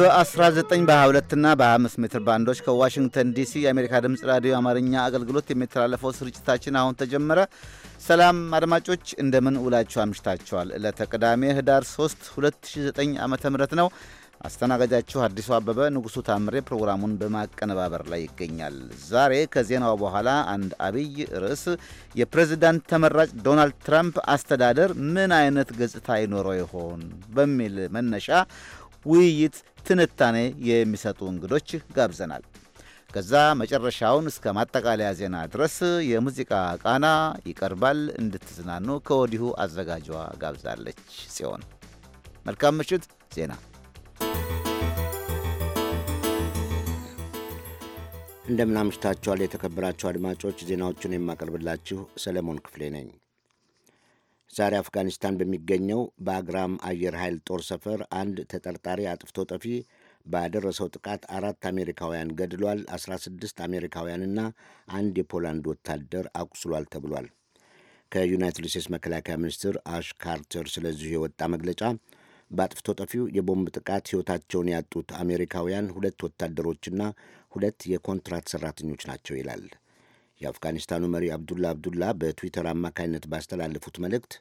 በ19 በ22 እና በ25 ሜትር ባንዶች ከዋሽንግተን ዲሲ የአሜሪካ ድምፅ ራዲዮ አማርኛ አገልግሎት የሚተላለፈው ስርጭታችን አሁን ተጀመረ። ሰላም አድማጮች እንደምን ውላችሁ አምሽታችኋል። ዕለተ ቅዳሜ ህዳር 3 2009 ዓ ም ነው። አስተናጋጃችሁ አዲሱ አበበ። ንጉሱ ታምሬ ፕሮግራሙን በማቀነባበር ላይ ይገኛል። ዛሬ ከዜናው በኋላ አንድ አብይ ርዕስ የፕሬዝዳንት ተመራጭ ዶናልድ ትራምፕ አስተዳደር ምን አይነት ገጽታ ይኖረው ይሆን በሚል መነሻ ውይይት ትንታኔ የሚሰጡ እንግዶች ጋብዘናል። ከዛ መጨረሻውን እስከ ማጠቃለያ ዜና ድረስ የሙዚቃ ቃና ይቀርባል። እንድትዝናኑ ከወዲሁ አዘጋጇ ጋብዛለች ሲሆን መልካም ምሽት። ዜና እንደምናምሽታችኋል። የተከበራችሁ አድማጮች ዜናዎቹን የማቀርብላችሁ ሰለሞን ክፍሌ ነኝ። ዛሬ አፍጋኒስታን በሚገኘው በአግራም አየር ኃይል ጦር ሰፈር አንድ ተጠርጣሪ አጥፍቶ ጠፊ ባደረሰው ጥቃት አራት አሜሪካውያን ገድሏል፣ 16 አሜሪካውያንና አንድ የፖላንድ ወታደር አቁስሏል ተብሏል። ከዩናይትድ ስቴትስ መከላከያ ሚኒስትር አሽ ካርተር ስለዚሁ የወጣ መግለጫ በአጥፍቶ ጠፊው የቦምብ ጥቃት ሕይወታቸውን ያጡት አሜሪካውያን ሁለት ወታደሮችና ሁለት የኮንትራት ሠራተኞች ናቸው ይላል። የአፍጋኒስታኑ መሪ አብዱላ አብዱላ በትዊተር አማካኝነት ባስተላለፉት መልእክት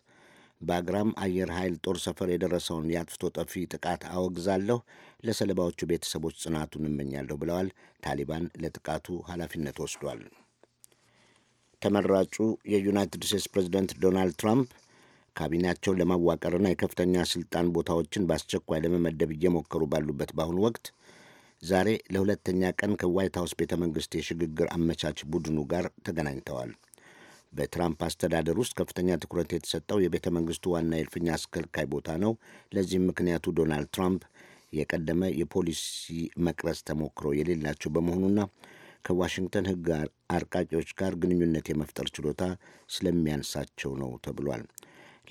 በአግራም አየር ኃይል ጦር ሰፈር የደረሰውን የአጥፍቶ ጠፊ ጥቃት አወግዛለሁ፣ ለሰለባዎቹ ቤተሰቦች ጽናቱን እመኛለሁ ብለዋል። ታሊባን ለጥቃቱ ኃላፊነት ወስዷል። ተመራጩ የዩናይትድ ስቴትስ ፕሬዚደንት ዶናልድ ትራምፕ ካቢኔያቸውን ለማዋቀርና የከፍተኛ ስልጣን ቦታዎችን በአስቸኳይ ለመመደብ እየሞከሩ ባሉበት በአሁኑ ወቅት ዛሬ ለሁለተኛ ቀን ከዋይት ሀውስ ቤተ መንግሥት የሽግግር አመቻች ቡድኑ ጋር ተገናኝተዋል። በትራምፕ አስተዳደር ውስጥ ከፍተኛ ትኩረት የተሰጠው የቤተ መንግሥቱ ዋና የልፍኛ አስከልካይ ቦታ ነው። ለዚህም ምክንያቱ ዶናልድ ትራምፕ የቀደመ የፖሊሲ መቅረጽ ተሞክሮ የሌላቸው በመሆኑና ከዋሽንግተን ሕግ አርቃቂዎች ጋር ግንኙነት የመፍጠር ችሎታ ስለሚያንሳቸው ነው ተብሏል።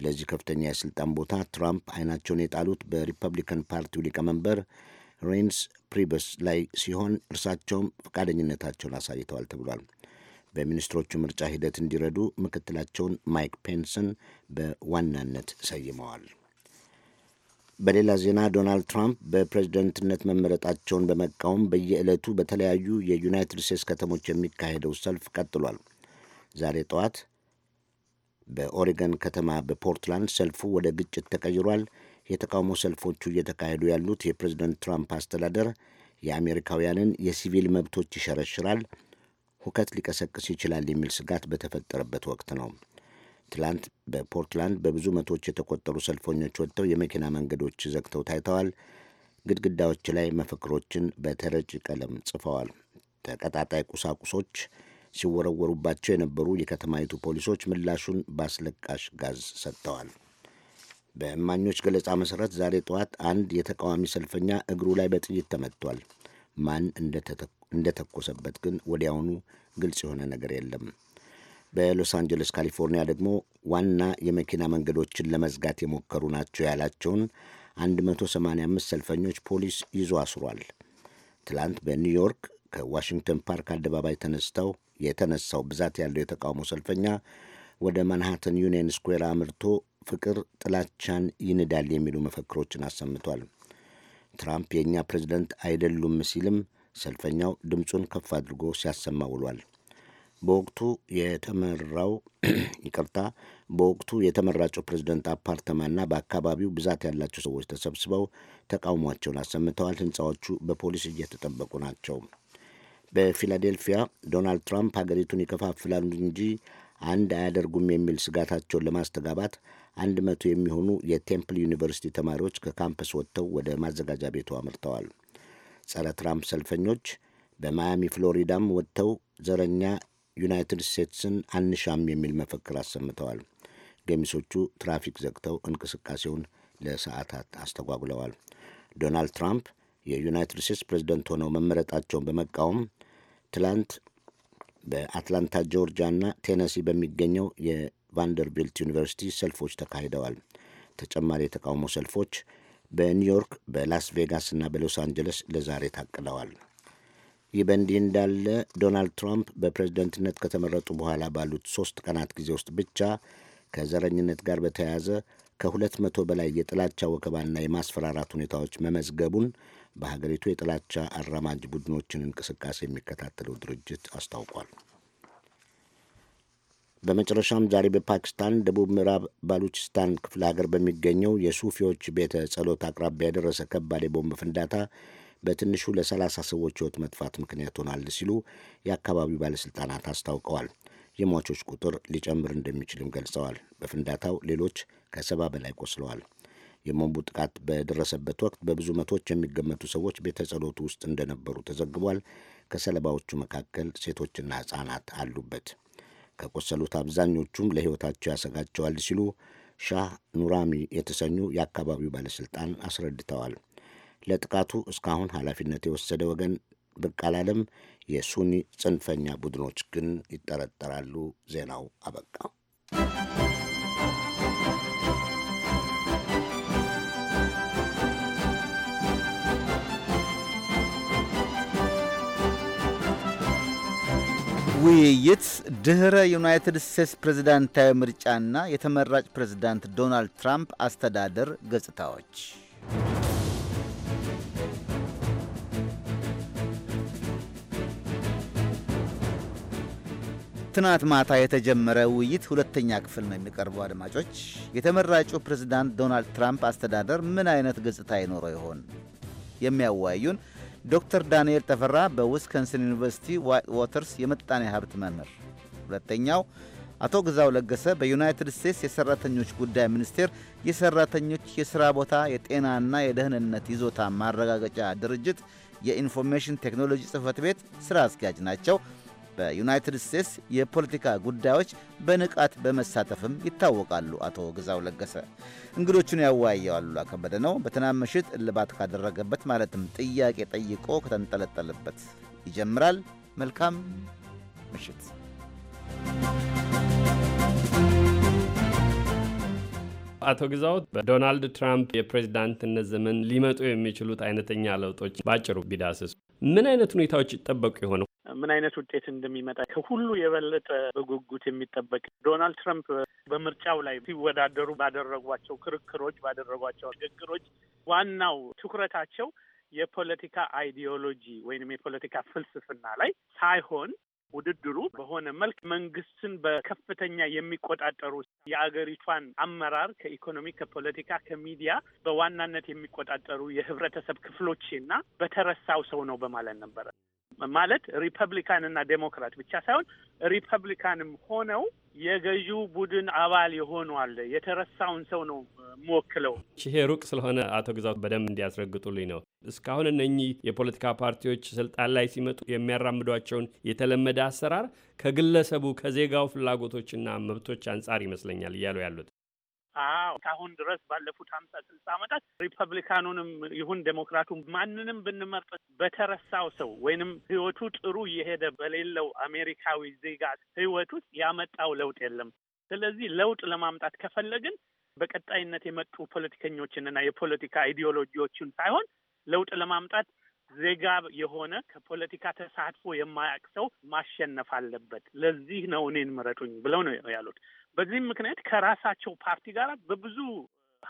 ለዚህ ከፍተኛ የስልጣን ቦታ ትራምፕ አይናቸውን የጣሉት በሪፐብሊካን ፓርቲው ሊቀመንበር ሬንስ ፕሪበስ ላይ ሲሆን እርሳቸውም ፈቃደኝነታቸውን አሳይተዋል ተብሏል። በሚኒስትሮቹ ምርጫ ሂደት እንዲረዱ ምክትላቸውን ማይክ ፔንስን በዋናነት ሰይመዋል። በሌላ ዜና ዶናልድ ትራምፕ በፕሬዝደንትነት መመረጣቸውን በመቃወም በየዕለቱ በተለያዩ የዩናይትድ ስቴትስ ከተሞች የሚካሄደው ሰልፍ ቀጥሏል። ዛሬ ጠዋት በኦሪገን ከተማ በፖርትላንድ ሰልፉ ወደ ግጭት ተቀይሯል። የተቃውሞ ሰልፎቹ እየተካሄዱ ያሉት የፕሬዝደንት ትራምፕ አስተዳደር የአሜሪካውያንን የሲቪል መብቶች ይሸረሽራል፣ ሁከት ሊቀሰቅስ ይችላል የሚል ስጋት በተፈጠረበት ወቅት ነው። ትላንት በፖርትላንድ በብዙ መቶዎች የተቆጠሩ ሰልፈኞች ወጥተው የመኪና መንገዶች ዘግተው ታይተዋል። ግድግዳዎች ላይ መፈክሮችን በተረጭ ቀለም ጽፈዋል። ተቀጣጣይ ቁሳቁሶች ሲወረወሩባቸው የነበሩ የከተማይቱ ፖሊሶች ምላሹን በአስለቃሽ ጋዝ ሰጥተዋል። በእማኞች ገለጻ መሠረት ዛሬ ጠዋት አንድ የተቃዋሚ ሰልፈኛ እግሩ ላይ በጥይት ተመትቷል። ማን እንደተኮሰበት ግን ወዲያውኑ ግልጽ የሆነ ነገር የለም። በሎስ አንጀለስ ካሊፎርኒያ ደግሞ ዋና የመኪና መንገዶችን ለመዝጋት የሞከሩ ናቸው ያላቸውን 185 ሰልፈኞች ፖሊስ ይዞ አስሯል። ትላንት በኒውዮርክ ከዋሽንግተን ፓርክ አደባባይ ተነስተው የተነሳው ብዛት ያለው የተቃውሞ ሰልፈኛ ወደ ማንሃተን ዩኒየን ስኩዌር አምርቶ ፍቅር ጥላቻን ይንዳል የሚሉ መፈክሮችን አሰምቷል። ትራምፕ የእኛ ፕሬዝደንት አይደሉም ሲልም ሰልፈኛው ድምፁን ከፍ አድርጎ ሲያሰማ ውሏል። በወቅቱ የተመራው ይቅርታ፣ በወቅቱ የተመራጨው ፕሬዝደንት አፓርተማና በአካባቢው ብዛት ያላቸው ሰዎች ተሰብስበው ተቃውሟቸውን አሰምተዋል። ህንፃዎቹ በፖሊስ እየተጠበቁ ናቸው። በፊላዴልፊያ ዶናልድ ትራምፕ ሀገሪቱን ይከፋፍላሉ እንጂ አንድ አያደርጉም የሚል ስጋታቸውን ለማስተጋባት አንድ መቶ የሚሆኑ የቴምፕል ዩኒቨርሲቲ ተማሪዎች ከካምፐስ ወጥተው ወደ ማዘጋጃ ቤቱ አምርተዋል። ጸረ ትራምፕ ሰልፈኞች በማያሚ ፍሎሪዳም ወጥተው ዘረኛ ዩናይትድ ስቴትስን አንሻም የሚል መፈክር አሰምተዋል። ገሚሶቹ ትራፊክ ዘግተው እንቅስቃሴውን ለሰዓታት አስተጓጉለዋል። ዶናልድ ትራምፕ የዩናይትድ ስቴትስ ፕሬዝደንት ሆነው መመረጣቸውን በመቃወም ትላንት በአትላንታ ጆርጂያና ቴነሲ በሚገኘው ቫንደርቢልት ዩኒቨርሲቲ ሰልፎች ተካሂደዋል። ተጨማሪ የተቃውሞ ሰልፎች በኒውዮርክ፣ በላስ ቬጋስ እና በሎስ አንጀለስ ለዛሬ ታቅደዋል። ይህ በእንዲህ እንዳለ ዶናልድ ትራምፕ በፕሬዝደንትነት ከተመረጡ በኋላ ባሉት ሶስት ቀናት ጊዜ ውስጥ ብቻ ከዘረኝነት ጋር በተያያዘ ከሁለት መቶ በላይ የጥላቻ ወከባና የማስፈራራት ሁኔታዎች መመዝገቡን በሀገሪቱ የጥላቻ አራማጅ ቡድኖችን እንቅስቃሴ የሚከታተለው ድርጅት አስታውቋል። በመጨረሻም ዛሬ በፓኪስታን ደቡብ ምዕራብ ባሉቺስታን ክፍለ ሀገር በሚገኘው የሱፊዎች ቤተ ጸሎት አቅራቢያ የደረሰ ከባድ የቦምብ ፍንዳታ በትንሹ ለ30 ሰዎች ሕይወት መጥፋት ምክንያት ሆናል ሲሉ የአካባቢው ባለሥልጣናት አስታውቀዋል። የሟቾች ቁጥር ሊጨምር እንደሚችልም ገልጸዋል። በፍንዳታው ሌሎች ከሰባ በላይ ቆስለዋል። የቦምቡ ጥቃት በደረሰበት ወቅት በብዙ መቶች የሚገመቱ ሰዎች ቤተ ጸሎቱ ውስጥ እንደነበሩ ተዘግቧል። ከሰለባዎቹ መካከል ሴቶችና ሕፃናት አሉበት። ከቆሰሉት አብዛኞቹም ለሕይወታቸው ያሰጋቸዋል ሲሉ ሻህ ኑራሚ የተሰኙ የአካባቢው ባለሥልጣን አስረድተዋል። ለጥቃቱ እስካሁን ኃላፊነት የወሰደ ወገን ብቅ አላለም። የሱኒ ጽንፈኛ ቡድኖች ግን ይጠረጠራሉ። ዜናው አበቃ። ውይይት ድህረ ዩናይትድ ስቴትስ ፕሬዝዳንታዊ ምርጫና የተመራጭ ፕሬዝዳንት ዶናልድ ትራምፕ አስተዳደር ገጽታዎች። ትናንት ማታ የተጀመረ ውይይት ሁለተኛ ክፍል ነው የሚቀርበው። አድማጮች፣ የተመራጩ ፕሬዝዳንት ዶናልድ ትራምፕ አስተዳደር ምን አይነት ገጽታ ይኖረው ይሆን የሚያወያዩን ዶክተር ዳንኤል ተፈራ በዊስከንሰን ዩኒቨርሲቲ ዋይት ዋተርስ የምጣኔ ሀብት መምህር፣ ሁለተኛው አቶ ግዛው ለገሰ በዩናይትድ ስቴትስ የሰራተኞች ጉዳይ ሚኒስቴር የሰራተኞች የሥራ ቦታ የጤናና የደህንነት ይዞታ ማረጋገጫ ድርጅት የኢንፎርሜሽን ቴክኖሎጂ ጽሕፈት ቤት ሥራ አስኪያጅ ናቸው። በዩናይትድ ስቴትስ የፖለቲካ ጉዳዮች በንቃት በመሳተፍም ይታወቃሉ። አቶ ግዛው ለገሰ እንግዶቹን ያወያየው አሉላ ከበደ ነው። በትናንት ምሽት እልባት ካደረገበት ማለትም ጥያቄ ጠይቆ ከተንጠለጠለበት ይጀምራል። መልካም ምሽት። አቶ ግዛው በዶናልድ ትራምፕ የፕሬዚዳንትነት ዘመን ሊመጡ የሚችሉት አይነተኛ ለውጦች በአጭሩ ቢዳስሱ ምን አይነት ሁኔታዎች ይጠበቁ ይሆነው? ምን አይነት ውጤት እንደሚመጣ ከሁሉ የበለጠ በጉጉት የሚጠበቅ ዶናልድ ትራምፕ በምርጫው ላይ ሲወዳደሩ ባደረጓቸው ክርክሮች፣ ባደረጓቸው ንግግሮች ዋናው ትኩረታቸው የፖለቲካ አይዲዮሎጂ ወይንም የፖለቲካ ፍልስፍና ላይ ሳይሆን ውድድሩ በሆነ መልክ መንግስትን በከፍተኛ የሚቆጣጠሩ የአገሪቷን አመራር ከኢኮኖሚ፣ ከፖለቲካ፣ ከሚዲያ በዋናነት የሚቆጣጠሩ የህብረተሰብ ክፍሎችና በተረሳው ሰው ነው በማለት ነበረ። ማለት ሪፐብሊካን እና ዴሞክራት ብቻ ሳይሆን ሪፐብሊካንም ሆነው የገዢው ቡድን አባል የሆኑ አለ። የተረሳውን ሰው ነው የምወክለው። ይሄ ሩቅ ስለሆነ አቶ ግዛት በደንብ እንዲያስረግጡልኝ ነው። እስካሁን እነኚህ የፖለቲካ ፓርቲዎች ስልጣን ላይ ሲመጡ የሚያራምዷቸውን የተለመደ አሰራር ከግለሰቡ ከዜጋው ፍላጎቶችና መብቶች አንጻር ይመስለኛል እያሉ ያሉት አዎ ከአሁን ድረስ ባለፉት ሀምሳ ስልሳ ዓመታት ሪፐብሊካኑንም ይሁን ዴሞክራቱን ማንንም ብንመርጥ በተረሳው ሰው ወይንም ህይወቱ ጥሩ እየሄደ በሌለው አሜሪካዊ ዜጋ ህይወት ውስጥ ያመጣው ለውጥ የለም። ስለዚህ ለውጥ ለማምጣት ከፈለግን በቀጣይነት የመጡ ፖለቲከኞችንና የፖለቲካ አይዲዮሎጂዎችን ሳይሆን ለውጥ ለማምጣት ዜጋ የሆነ ከፖለቲካ ተሳትፎ የማያቅ ሰው ማሸነፍ አለበት። ለዚህ ነው እኔን ምረጡኝ ብለው ነው ያሉት። በዚህም ምክንያት ከራሳቸው ፓርቲ ጋር በብዙ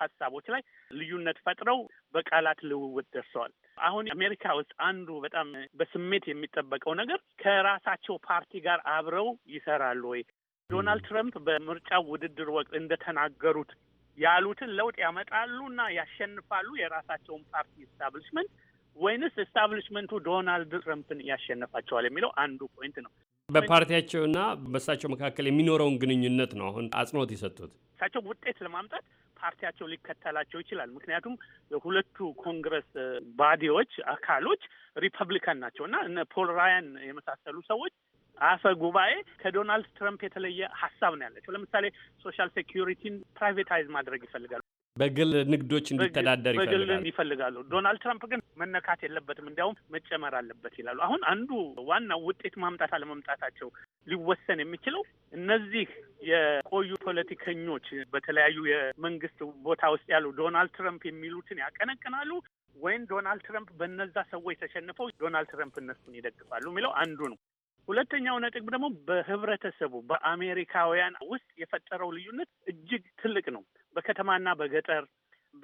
ሀሳቦች ላይ ልዩነት ፈጥረው በቃላት ልውውጥ ደርሰዋል። አሁን አሜሪካ ውስጥ አንዱ በጣም በስሜት የሚጠበቀው ነገር ከራሳቸው ፓርቲ ጋር አብረው ይሰራሉ ወይ? ዶናልድ ትራምፕ በምርጫ ውድድር ወቅት እንደተናገሩት ያሉትን ለውጥ እና ያሸንፋሉ የራሳቸውን ፓርቲ ኢስታብሊሽመንት ወይንስ ኢስታብሊሽመንቱ ዶናልድ ትረምፕን ያሸንፋቸዋል የሚለው አንዱ ፖይንት ነው። በፓርቲያቸውና በእሳቸው መካከል የሚኖረውን ግንኙነት ነው አሁን አጽንኦት የሰጡት። እሳቸው ውጤት ለማምጣት ፓርቲያቸው ሊከተላቸው ይችላል። ምክንያቱም የሁለቱ ኮንግረስ ባዲዎች አካሎች ሪፐብሊካን ናቸው እና እነ ፖል ራያን የመሳሰሉ ሰዎች አፈ ጉባኤ ከዶናልድ ትራምፕ የተለየ ሀሳብ ነው ያላቸው። ለምሳሌ ሶሻል ሴኪሪቲን ፕራይቬታይዝ ማድረግ ይፈልጋሉ። በግል ንግዶች እንዲተዳደር በግል ይፈልጋሉ። ዶናልድ ትራምፕ ግን መነካት የለበትም እንዲያውም መጨመር አለበት ይላሉ። አሁን አንዱ ዋናው ውጤት ማምጣት አለመምጣታቸው ሊወሰን የሚችለው እነዚህ የቆዩ ፖለቲከኞች በተለያዩ የመንግስት ቦታ ውስጥ ያሉ ዶናልድ ትራምፕ የሚሉትን ያቀነቅናሉ ወይም ዶናልድ ትራምፕ በነዛ ሰዎች ተሸንፈው ዶናልድ ትራምፕ እነሱን ይደግፋሉ የሚለው አንዱ ነው። ሁለተኛው ነጥብ ደግሞ በህብረተሰቡ በአሜሪካውያን ውስጥ የፈጠረው ልዩነት እጅግ ትልቅ ነው። በከተማና በገጠር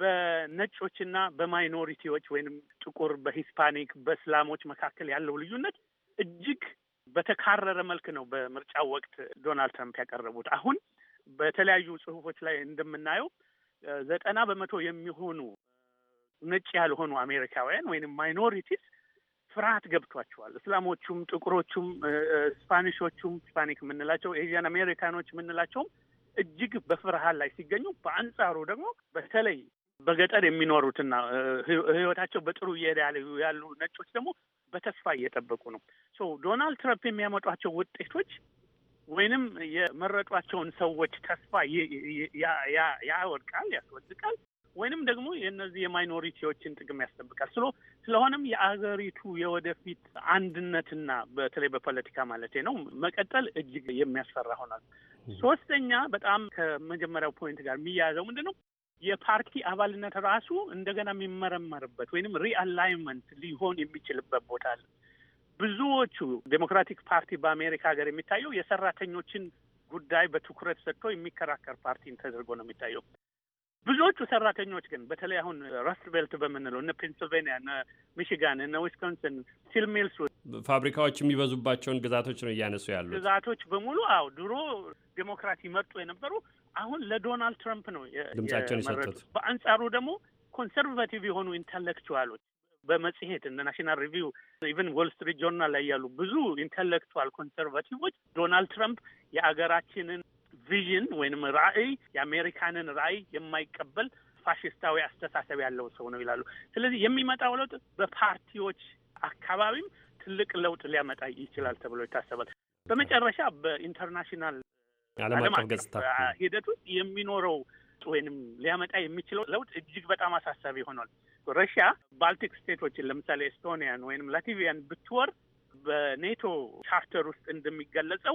በነጮችና በማይኖሪቲዎች ወይም ጥቁር በሂስፓኒክ በእስላሞች መካከል ያለው ልዩነት እጅግ በተካረረ መልክ ነው በምርጫው ወቅት ዶናልድ ትራምፕ ያቀረቡት። አሁን በተለያዩ ጽሁፎች ላይ እንደምናየው ዘጠና በመቶ የሚሆኑ ነጭ ያልሆኑ አሜሪካውያን ወይም ማይኖሪቲስ ፍርሃት ገብቷቸዋል። እስላሞቹም፣ ጥቁሮቹም፣ ስፓኒሾቹም ስፓኒክ የምንላቸው ኤዥያን አሜሪካኖች የምንላቸውም እጅግ በፍርሃት ላይ ሲገኙ፣ በአንጻሩ ደግሞ በተለይ በገጠር የሚኖሩትና ህይወታቸው በጥሩ እየሄደ ያሉ ነጮች ደግሞ በተስፋ እየጠበቁ ነው። ሶ ዶናልድ ትራምፕ የሚያመጧቸው ውጤቶች ወይንም የመረጧቸውን ሰዎች ተስፋ ያወድቃል፣ ያስወድቃል። ወይንም ደግሞ የእነዚህ የማይኖሪቲዎችን ጥቅም ያስጠብቃል። ስለ ስለሆነም የአገሪቱ የወደፊት አንድነትና በተለይ በፖለቲካ ማለት ነው መቀጠል እጅግ የሚያስፈራ ሆናል። ሶስተኛ በጣም ከመጀመሪያው ፖይንት ጋር የሚያያዘው ምንድን ነው የፓርቲ አባልነት ራሱ እንደገና የሚመረመርበት ወይንም ሪአላይንመንት ሊሆን የሚችልበት ቦታ አለ። ብዙዎቹ ዴሞክራቲክ ፓርቲ በአሜሪካ ሀገር የሚታየው የሰራተኞችን ጉዳይ በትኩረት ሰጥቶ የሚከራከር ፓርቲን ተደርጎ ነው የሚታየው። ብዙዎቹ ሰራተኞች ግን በተለይ አሁን ረስት ቤልት በምንለው እነ ፔንስልቬኒያ፣ እነ ሚሽጋን፣ እነ ዊስኮንስን ስቲል ሚልስ ፋብሪካዎች የሚበዙባቸውን ግዛቶች ነው እያነሱ ያሉ ግዛቶች በሙሉ አዎ ድሮ ዴሞክራት ይመርጡ የነበሩ አሁን ለዶናልድ ትራምፕ ነው ድምጻቸውን የሰጡት። በአንጻሩ ደግሞ ኮንሰርቫቲቭ የሆኑ ኢንተሌክቹዋሎች በመጽሔት እንደ ናሽናል ሪቪው ኢቨን ዎል ስትሪት ጆርናል ላይ ያሉ ብዙ ኢንተሌክቹዋል ኮንሰርቫቲቮች ዶናልድ ትራምፕ የአገራችንን ቪዥን ወይንም ራዕይ የአሜሪካንን ራዕይ የማይቀበል ፋሽስታዊ አስተሳሰብ ያለው ሰው ነው ይላሉ። ስለዚህ የሚመጣው ለውጥ በፓርቲዎች አካባቢም ትልቅ ለውጥ ሊያመጣ ይችላል ተብሎ ይታሰባል። በመጨረሻ በኢንተርናሽናል ዓለም አቀፍ ሂደት ውስጥ የሚኖረው ወይንም ሊያመጣ የሚችለው ለውጥ እጅግ በጣም አሳሳቢ ሆኗል። ሩሽያ ባልቲክ ስቴቶችን ለምሳሌ ኤስቶኒያን ወይንም ላቲቪያን ብትወር በኔቶ ቻርተር ውስጥ እንደሚገለጸው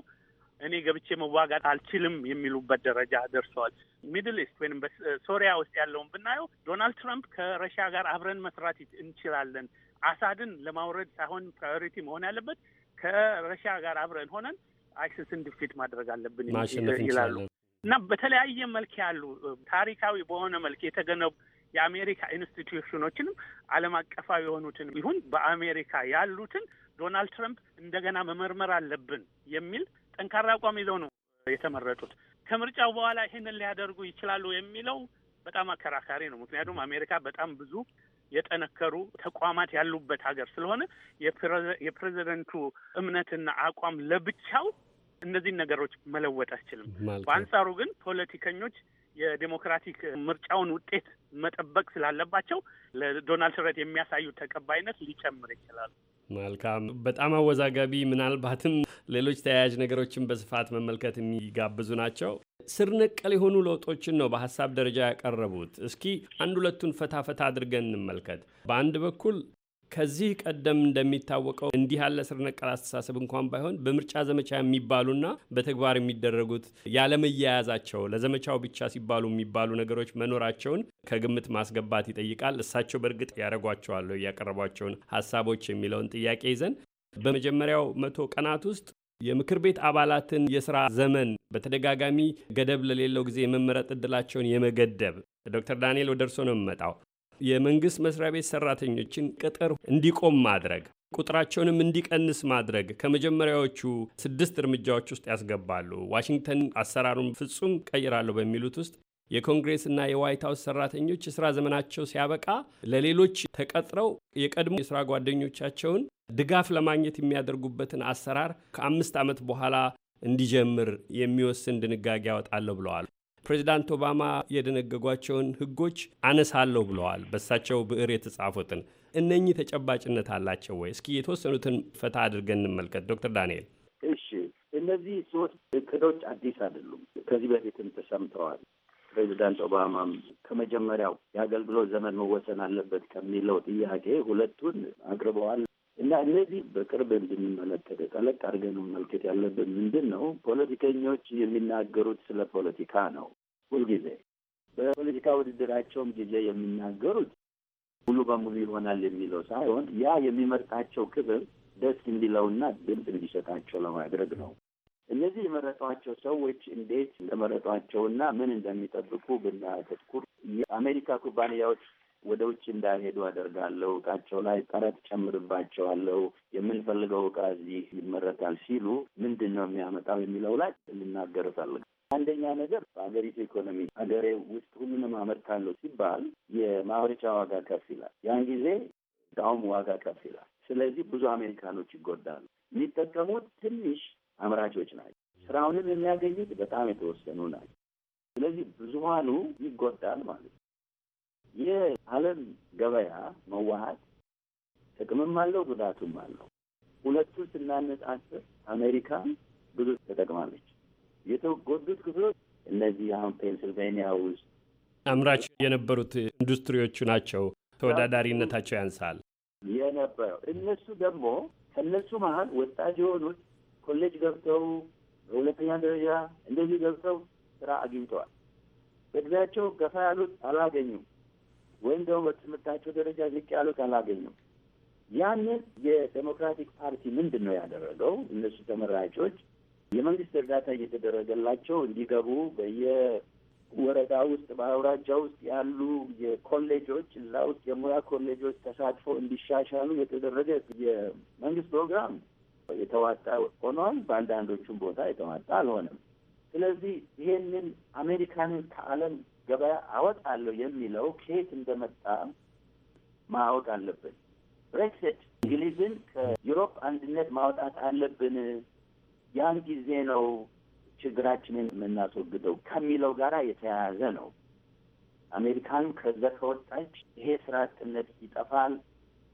እኔ ገብቼ መዋጋት አልችልም የሚሉበት ደረጃ ደርሰዋል። ሚድል ኢስት ወይም በሶሪያ ውስጥ ያለውን ብናየው ዶናልድ ትራምፕ ከረሻ ጋር አብረን መስራት እንችላለን፣ አሳድን ለማውረድ ሳይሆን ፕራዮሪቲ መሆን ያለበት ከረሻ ጋር አብረን ሆነን አይሲስን ድፊት ማድረግ አለብን ይላሉ እና በተለያየ መልክ ያሉ ታሪካዊ በሆነ መልክ የተገነቡ የአሜሪካ ኢንስቲትዩሽኖችንም ዓለም አቀፋዊ የሆኑትን ይሁን በአሜሪካ ያሉትን ዶናልድ ትራምፕ እንደገና መመርመር አለብን የሚል ጠንካራ አቋም ይዘው ነው የተመረጡት። ከምርጫው በኋላ ይህንን ሊያደርጉ ይችላሉ የሚለው በጣም አከራካሪ ነው። ምክንያቱም አሜሪካ በጣም ብዙ የጠነከሩ ተቋማት ያሉበት ሀገር ስለሆነ የፕሬዚደንቱ እምነትና አቋም ለብቻው እነዚህን ነገሮች መለወጥ አይችልም። በአንጻሩ ግን ፖለቲከኞች የዴሞክራቲክ ምርጫውን ውጤት መጠበቅ ስላለባቸው ለዶናልድ ትረት የሚያሳዩት ተቀባይነት ሊጨምር ይችላል። መልካም። በጣም አወዛጋቢ ምናልባትም ሌሎች ተያያዥ ነገሮችን በስፋት መመልከት የሚጋብዙ ናቸው። ስር ነቀል የሆኑ ለውጦችን ነው በሀሳብ ደረጃ ያቀረቡት። እስኪ አንድ ሁለቱን ፈታፈታ አድርገን እንመልከት። በአንድ በኩል ከዚህ ቀደም እንደሚታወቀው እንዲህ ያለ ስር ነቀል አስተሳሰብ እንኳን ባይሆን በምርጫ ዘመቻ የሚባሉና በተግባር የሚደረጉት ያለመያያዛቸው ለዘመቻው ብቻ ሲባሉ የሚባሉ ነገሮች መኖራቸውን ከግምት ማስገባት ይጠይቃል። እሳቸው በእርግጥ ያደረጓቸዋለሁ እያቀረቧቸውን ሀሳቦች የሚለውን ጥያቄ ይዘን በመጀመሪያው መቶ ቀናት ውስጥ የምክር ቤት አባላትን የስራ ዘመን በተደጋጋሚ ገደብ ለሌለው ጊዜ የመመረጥ እድላቸውን የመገደብ ዶክተር ዳንኤል ወደ እርስዎ ነው የምመጣው። የመንግስት መስሪያ ቤት ሰራተኞችን ቅጥር እንዲቆም ማድረግ ቁጥራቸውንም እንዲቀንስ ማድረግ ከመጀመሪያዎቹ ስድስት እርምጃዎች ውስጥ ያስገባሉ። ዋሽንግተን አሰራሩን ፍጹም ቀይራለሁ በሚሉት ውስጥ የኮንግሬስና የዋይት ሀውስ ሰራተኞች የስራ ዘመናቸው ሲያበቃ ለሌሎች ተቀጥረው የቀድሞ የስራ ጓደኞቻቸውን ድጋፍ ለማግኘት የሚያደርጉበትን አሰራር ከአምስት ዓመት በኋላ እንዲጀምር የሚወስን ድንጋጌ ያወጣለሁ ብለዋል። ፕሬዚዳንት ኦባማ የደነገጓቸውን ህጎች አነሳለሁ ብለዋል። በሳቸው ብዕር የተጻፉትን እነኚህ ተጨባጭነት አላቸው ወይ? እስኪ የተወሰኑትን ፈታ አድርገን እንመልከት። ዶክተር ዳንኤል እሺ፣ እነዚህ ሶስት እቅዶች አዲስ አይደሉም። ከዚህ በፊትም ተሰምተዋል። ፕሬዚዳንት ኦባማም ከመጀመሪያው የአገልግሎት ዘመን መወሰን አለበት ከሚለው ጥያቄ ሁለቱን አቅርበዋል። እና እነዚህ በቅርብ እንድንመለከት ጠለቅ አድርገን መመልከት ያለብን ምንድን ነው፣ ፖለቲከኞች የሚናገሩት ስለ ፖለቲካ ነው። ሁልጊዜ በፖለቲካ ውድድራቸውም ጊዜ የሚናገሩት ሙሉ በሙሉ ይሆናል የሚለው ሳይሆን ያ የሚመርጣቸው ክብር ደስ እንዲለውና ድምፅ እንዲሰጣቸው ለማድረግ ነው። እነዚህ የመረጧቸው ሰዎች እንዴት እንደመረጧቸውና ምን እንደሚጠብቁ ብናተኩር የአሜሪካ ኩባንያዎች ወደ ውጭ እንዳይሄዱ አደርጋለሁ፣ እቃቸው ላይ ቀረጥ ጨምርባቸዋለሁ፣ የምንፈልገው እቃ እዚህ ይመረታል ሲሉ ምንድን ነው የሚያመጣው የሚለው ላይ ልናገር እፈልጋለሁ። አንደኛ ነገር በሀገሪቱ ኢኮኖሚ ሀገሬ ውስጥ ሁሉንም አመርታለሁ ሲባል የማምረቻ ዋጋ ከፍ ይላል። ያን ጊዜ እቃውም ዋጋ ከፍ ይላል። ስለዚህ ብዙ አሜሪካኖች ይጎዳሉ። የሚጠቀሙት ትንሽ አምራቾች ናቸው። ስራውንም የሚያገኙት በጣም የተወሰኑ ናቸው። ስለዚህ ብዙሀኑ ይጎዳል ማለት ነው። የዓለም ገበያ መዋሀት ጥቅምም አለው ጉዳቱም አለው። ሁለቱን ስናነጻጽር አሜሪካ ብዙ ተጠቅማለች። የተጎዱት ክፍሎች እነዚህ አሁን ፔንስልቬኒያ ውስጥ አምራች የነበሩት ኢንዱስትሪዎቹ ናቸው። ተወዳዳሪነታቸው ያንሳል የነበረው እነሱ ደግሞ ከእነሱ መሀል ወጣት የሆኑት ኮሌጅ ገብተው በሁለተኛ ደረጃ እንደዚህ ገብተው ስራ አግኝተዋል። በእድሜያቸው ገፋ ያሉት አላገኙም፣ ወይም ደግሞ በትምህርታቸው ደረጃ ዝቅ ያሉት አላገኙም። ያንን የዴሞክራቲክ ፓርቲ ምንድን ነው ያደረገው? እነሱ ተመራጮች የመንግስት እርዳታ እየተደረገላቸው እንዲገቡ በየወረዳ ውስጥ በአውራጃ ውስጥ ያሉ የኮሌጆች እዛ ውስጥ የሙያ ኮሌጆች ተሳትፎ እንዲሻሻሉ የተደረገ የመንግስት ፕሮግራም የተዋጣ ሆኗል፣ በአንዳንዶቹም ቦታ የተዋጣ አልሆነም። ስለዚህ ይሄንን አሜሪካንን ከዓለም ገበያ አወጣለሁ የሚለው ከየት እንደመጣ ማወቅ አለብን። ብሬክሲት እንግሊዝን ከዩሮፕ አንድነት ማውጣት አለብን፣ ያን ጊዜ ነው ችግራችንን የምናስወግደው ከሚለው ጋራ የተያያዘ ነው። አሜሪካን ከዛ ከወጣች ይሄ ስራ አጥነት ይጠፋል፣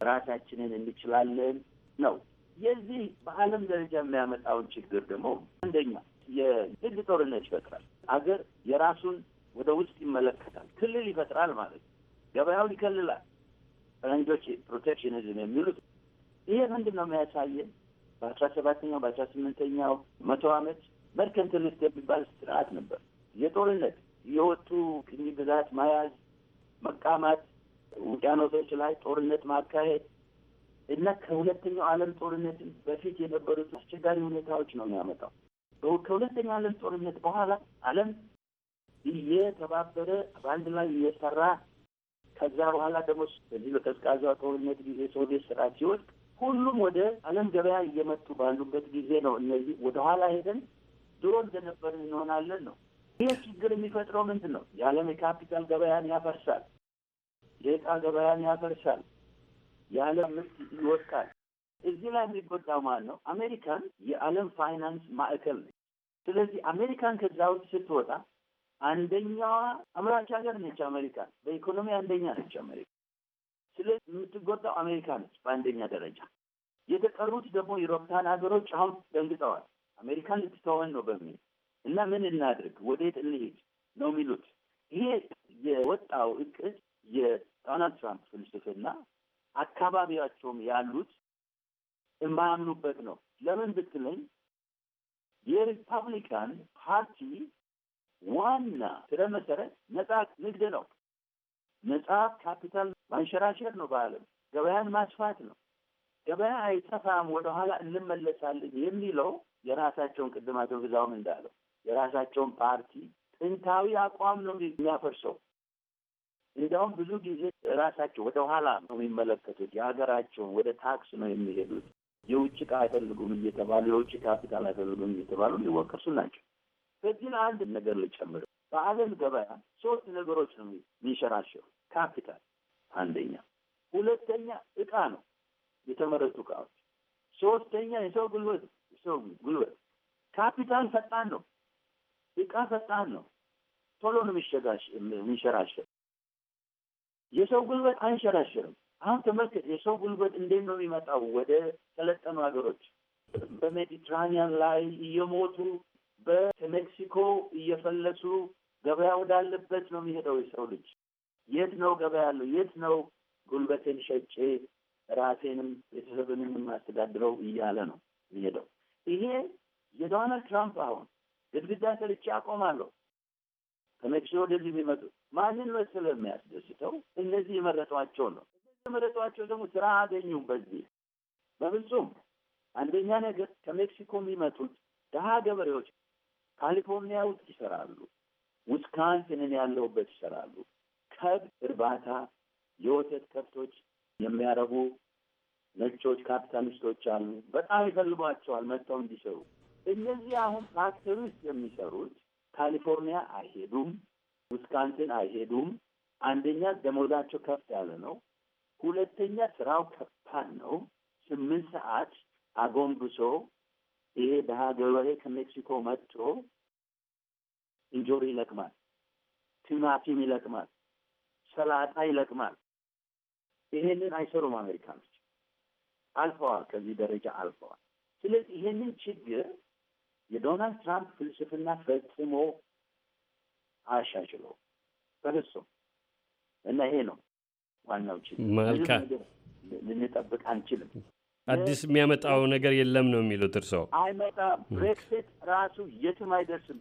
ራሳችንን እንችላለን ነው። የዚህ በዓለም ደረጃ የሚያመጣውን ችግር ደግሞ አንደኛ የግል ጦርነት ይፈጥራል። አገር የራሱን ወደ ውስጥ ይመለከታል። ክልል ይፈጥራል ማለት ነው። ገበያውን ይከልላል። ፈረንጆች ፕሮቴክሽኒዝም የሚሉት ይሄ ምንድን ነው የሚያሳየን? በአስራ ሰባተኛው በአስራ ስምንተኛው መቶ ዓመት መርከንትሊስት የሚባል ስርዓት ነበር። የጦርነት የወጡ ቅኝ ግዛት መያዝ፣ መቃማት፣ ውቅያኖሶች ላይ ጦርነት ማካሄድ እና ከሁለተኛው ዓለም ጦርነት በፊት የነበሩት አስቸጋሪ ሁኔታዎች ነው የሚያመጣው። ከሁለተኛው ዓለም ጦርነት በኋላ ዓለም እየተባበረ በአንድ ላይ እየሰራ ከዛ በኋላ ደግሞ በዚህ በቀዝቃዛ ጦርነት ጊዜ ሶቪየት ስራ ሲወድቅ ሁሉም ወደ ዓለም ገበያ እየመጡ ባሉበት ጊዜ ነው እነዚህ ወደኋላ ሄደን ድሮ እንደነበር እንሆናለን ነው። ይህ ችግር የሚፈጥረው ምንድን ነው? የዓለም የካፒታል ገበያን ያፈርሳል። የእቃ ገበያን ያፈርሳል። የዓለም ምርት ይወድቃል። እዚህ ላይ የሚጎዳው ማለት ነው አሜሪካን የዓለም ፋይናንስ ማዕከል ነች። ስለዚህ አሜሪካን ከዛ ውስጥ ስትወጣ አንደኛዋ አምራች ሀገር ነች አሜሪካ። በኢኮኖሚ አንደኛ ነች አሜሪካ። ስለዚህ የምትጎዳው አሜሪካ ነች በአንደኛ ደረጃ። የተቀሩት ደግሞ ዩሮፓን ሀገሮች አሁን ደንግጠዋል። አሜሪካን ልትተወን ነው በሚል እና ምን እናድርግ፣ ወዴት እንሄድ ነው የሚሉት። ይሄ የወጣው እቅድ የዶናልድ ትራምፕ ፍልስፍና አካባቢያቸውም ያሉት የማያምኑበት ነው። ለምን ብትለኝ የሪፐብሊካን ፓርቲ ዋና ስረ መሰረት ነጻ ንግድ ነው። ነጻ ካፒታል ማንሸራሸር ነው። በዓለም ገበያን ማስፋት ነው። ገበያ አይጠፋም፣ ወደኋላ እንመለሳለን የሚለው የራሳቸውን ቅድም አቶ ግዛውም እንዳለው የራሳቸውን ፓርቲ ጥንታዊ አቋም ነው የሚያፈርሰው። እንዲያውም ብዙ ጊዜ ራሳቸው ወደ ኋላ ነው የሚመለከቱት። የሀገራቸውን ወደ ታክስ ነው የሚሄዱት። የውጭ ዕቃ አይፈልጉም እየተባሉ የውጭ ካፒታል አይፈልጉም እየተባሉ የሚወቀሱ ናቸው። ከዚህን አንድ ነገር ልጨምር። በዓለም ገበያ ሶስት ነገሮች ነው የሚንሸራሸሩ። ካፒታል አንደኛ፣ ሁለተኛ እቃ ነው የተመረቱ እቃዎች ሶስተኛ የሰው ጉልበት የሰው ጉልበት። ካፒታል ፈጣን ነው፣ እቃ ፈጣን ነው፣ ቶሎ ነው የሚሸራሸር። የሰው ጉልበት አይንሸራሸርም አሁን ተመልከት፣ የሰው ጉልበት እንዴት ነው የሚመጣው? ወደ ሰለጠኑ ሀገሮች በሜዲትራኒያን ላይ እየሞቱ በሜክሲኮ እየፈለሱ ገበያ ወዳለበት ነው የሚሄደው የሰው ልጅ። የት ነው ገበያ ያለው? የት ነው ጉልበቴን ሸጬ ራሴንም ቤተሰብንም የማስተዳድረው እያለ ነው የሚሄደው። ይሄ የዶናልድ ትራምፕ አሁን ግድግዳ ሰልቼ አቆማለሁ ከሜክሲኮ ወደዚህ ቢመጡ ማንን መሰለህ የሚያስደስተው እነዚህ የመረጧቸው ነው። እነዚህ የመረጧቸው ደግሞ ስራ አገኙ። በዚህ በፍጹም አንደኛ ነገር ከሜክሲኮ የሚመጡት ድሀ ገበሬዎች ካሊፎርኒያ ውስጥ ይሰራሉ፣ ዊስካንስንን ያለሁበት ይሰራሉ። ከብት እርባታ የወተት ከብቶች የሚያረቡ ነጮች ካፒታሊስቶች አሉ። በጣም ይፈልጓቸዋል መጥተው እንዲሰሩ። እነዚህ አሁን ፋክተሪ ውስጥ የሚሰሩት ካሊፎርኒያ አይሄዱም፣ ዊስካንሲን አይሄዱም። አንደኛ ደሞዛቸው ከፍ ያለ ነው። ሁለተኛ ስራው ከፋን ነው። ስምንት ሰዓት አጎንብሶ ይሄ ደሀ ከሜክሲኮ መጥቶ እንጆሪ ይለቅማል፣ ቲማቲም ይለቅማል፣ ሰላጣ ይለቅማል። ይሄንን አይሰሩም አሜሪካኖች። አልፈዋል፣ ከዚህ ደረጃ አልፈዋል። ስለዚህ ይሄንን ችግር የዶናልድ ትራምፕ ፍልስፍና ፈጽሞ አሻሽሎ በፍጹም እና ይሄ ነው ዋናው ችግር። ልንጠብቅ አንችልም። አዲስ የሚያመጣው ነገር የለም ነው የሚሉት እርስዎ? አይመጣም። ብሬክሲት ራሱ የትም አይደርስም።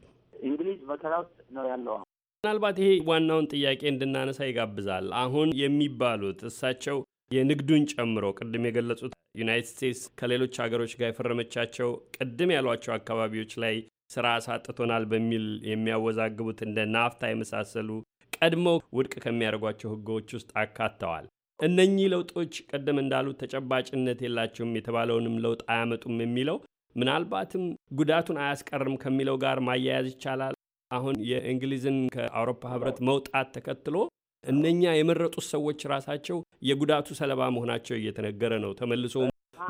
እንግሊዝ መከራ ውስጥ ነው ያለው። ምናልባት ይሄ ዋናውን ጥያቄ እንድናነሳ ይጋብዛል። አሁን የሚባሉት እሳቸው የንግዱን ጨምሮ ቅድም የገለጹት ዩናይትድ ስቴትስ ከሌሎች ሀገሮች ጋር የፈረመቻቸው ቅድም ያሏቸው አካባቢዎች ላይ ስራ አሳጥቶናል በሚል የሚያወዛግቡት እንደ ናፍታ የመሳሰሉ ቀድሞ ውድቅ ከሚያደርጓቸው ሕጎች ውስጥ አካተዋል። እነኚህ ለውጦች ቀደም እንዳሉት ተጨባጭነት የላቸውም የተባለውንም ለውጥ አያመጡም የሚለው ምናልባትም ጉዳቱን አያስቀርም ከሚለው ጋር ማያያዝ ይቻላል። አሁን የእንግሊዝን ከአውሮፓ ህብረት መውጣት ተከትሎ እነኛ የመረጡት ሰዎች ራሳቸው የጉዳቱ ሰለባ መሆናቸው እየተነገረ ነው። ተመልሶ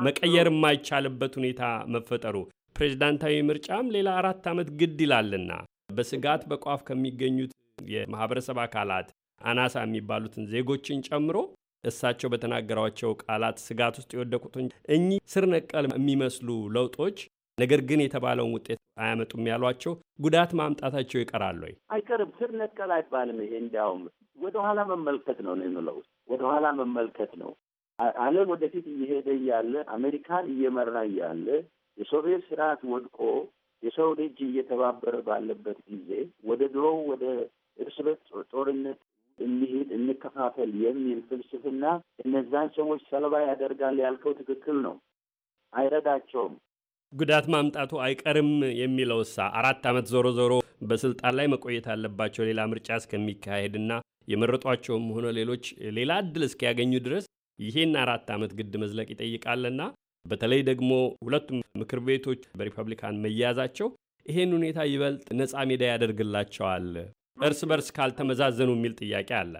መቀየር የማይቻልበት ሁኔታ መፈጠሩ ፕሬዚዳንታዊ ምርጫም ሌላ አራት ዓመት ግድ ይላልና በስጋት በቋፍ ከሚገኙት የማህበረሰብ አካላት አናሳ የሚባሉትን ዜጎችን ጨምሮ እሳቸው በተናገሯቸው ቃላት ስጋት ውስጥ የወደቁትን እኚህ ስር ነቀል የሚመስሉ ለውጦች ነገር ግን የተባለውን ውጤት አያመጡም ያሏቸው ጉዳት ማምጣታቸው ይቀራል ወይ? አይቀርም። ስር ነቀል አይባልም። ይሄ እንዲያውም ወደኋላ መመልከት ነው ነው የምለው። ወደኋላ መመልከት ነው። ዓለም ወደፊት እየሄደ እያለ አሜሪካን እየመራ እያለ የሶቪየት ስርዓት ወድቆ የሰው ልጅ እየተባበረ ባለበት ጊዜ ወደ ድሮው ወደ እርስ በርስ ጦርነት እንሂድ እንከፋፈል የሚል ፍልስፍና እነዛን ሰዎች ሰለባ ያደርጋል። ያልከው ትክክል ነው። አይረዳቸውም። ጉዳት ማምጣቱ አይቀርም የሚለው ሳ አራት ዓመት ዞሮ ዞሮ በስልጣን ላይ መቆየት አለባቸው ሌላ ምርጫ እስከሚካሄድና የመረጧቸውም ሆነ ሌሎች ሌላ እድል እስኪያገኙ ድረስ ይሄን አራት ዓመት ግድ መዝለቅ ይጠይቃልና በተለይ ደግሞ ሁለቱም ምክር ቤቶች በሪፐብሊካን መያዛቸው ይሄን ሁኔታ ይበልጥ ነፃ ሜዳ ያደርግላቸዋል፣ እርስ በርስ ካልተመዛዘኑ የሚል ጥያቄ አለ።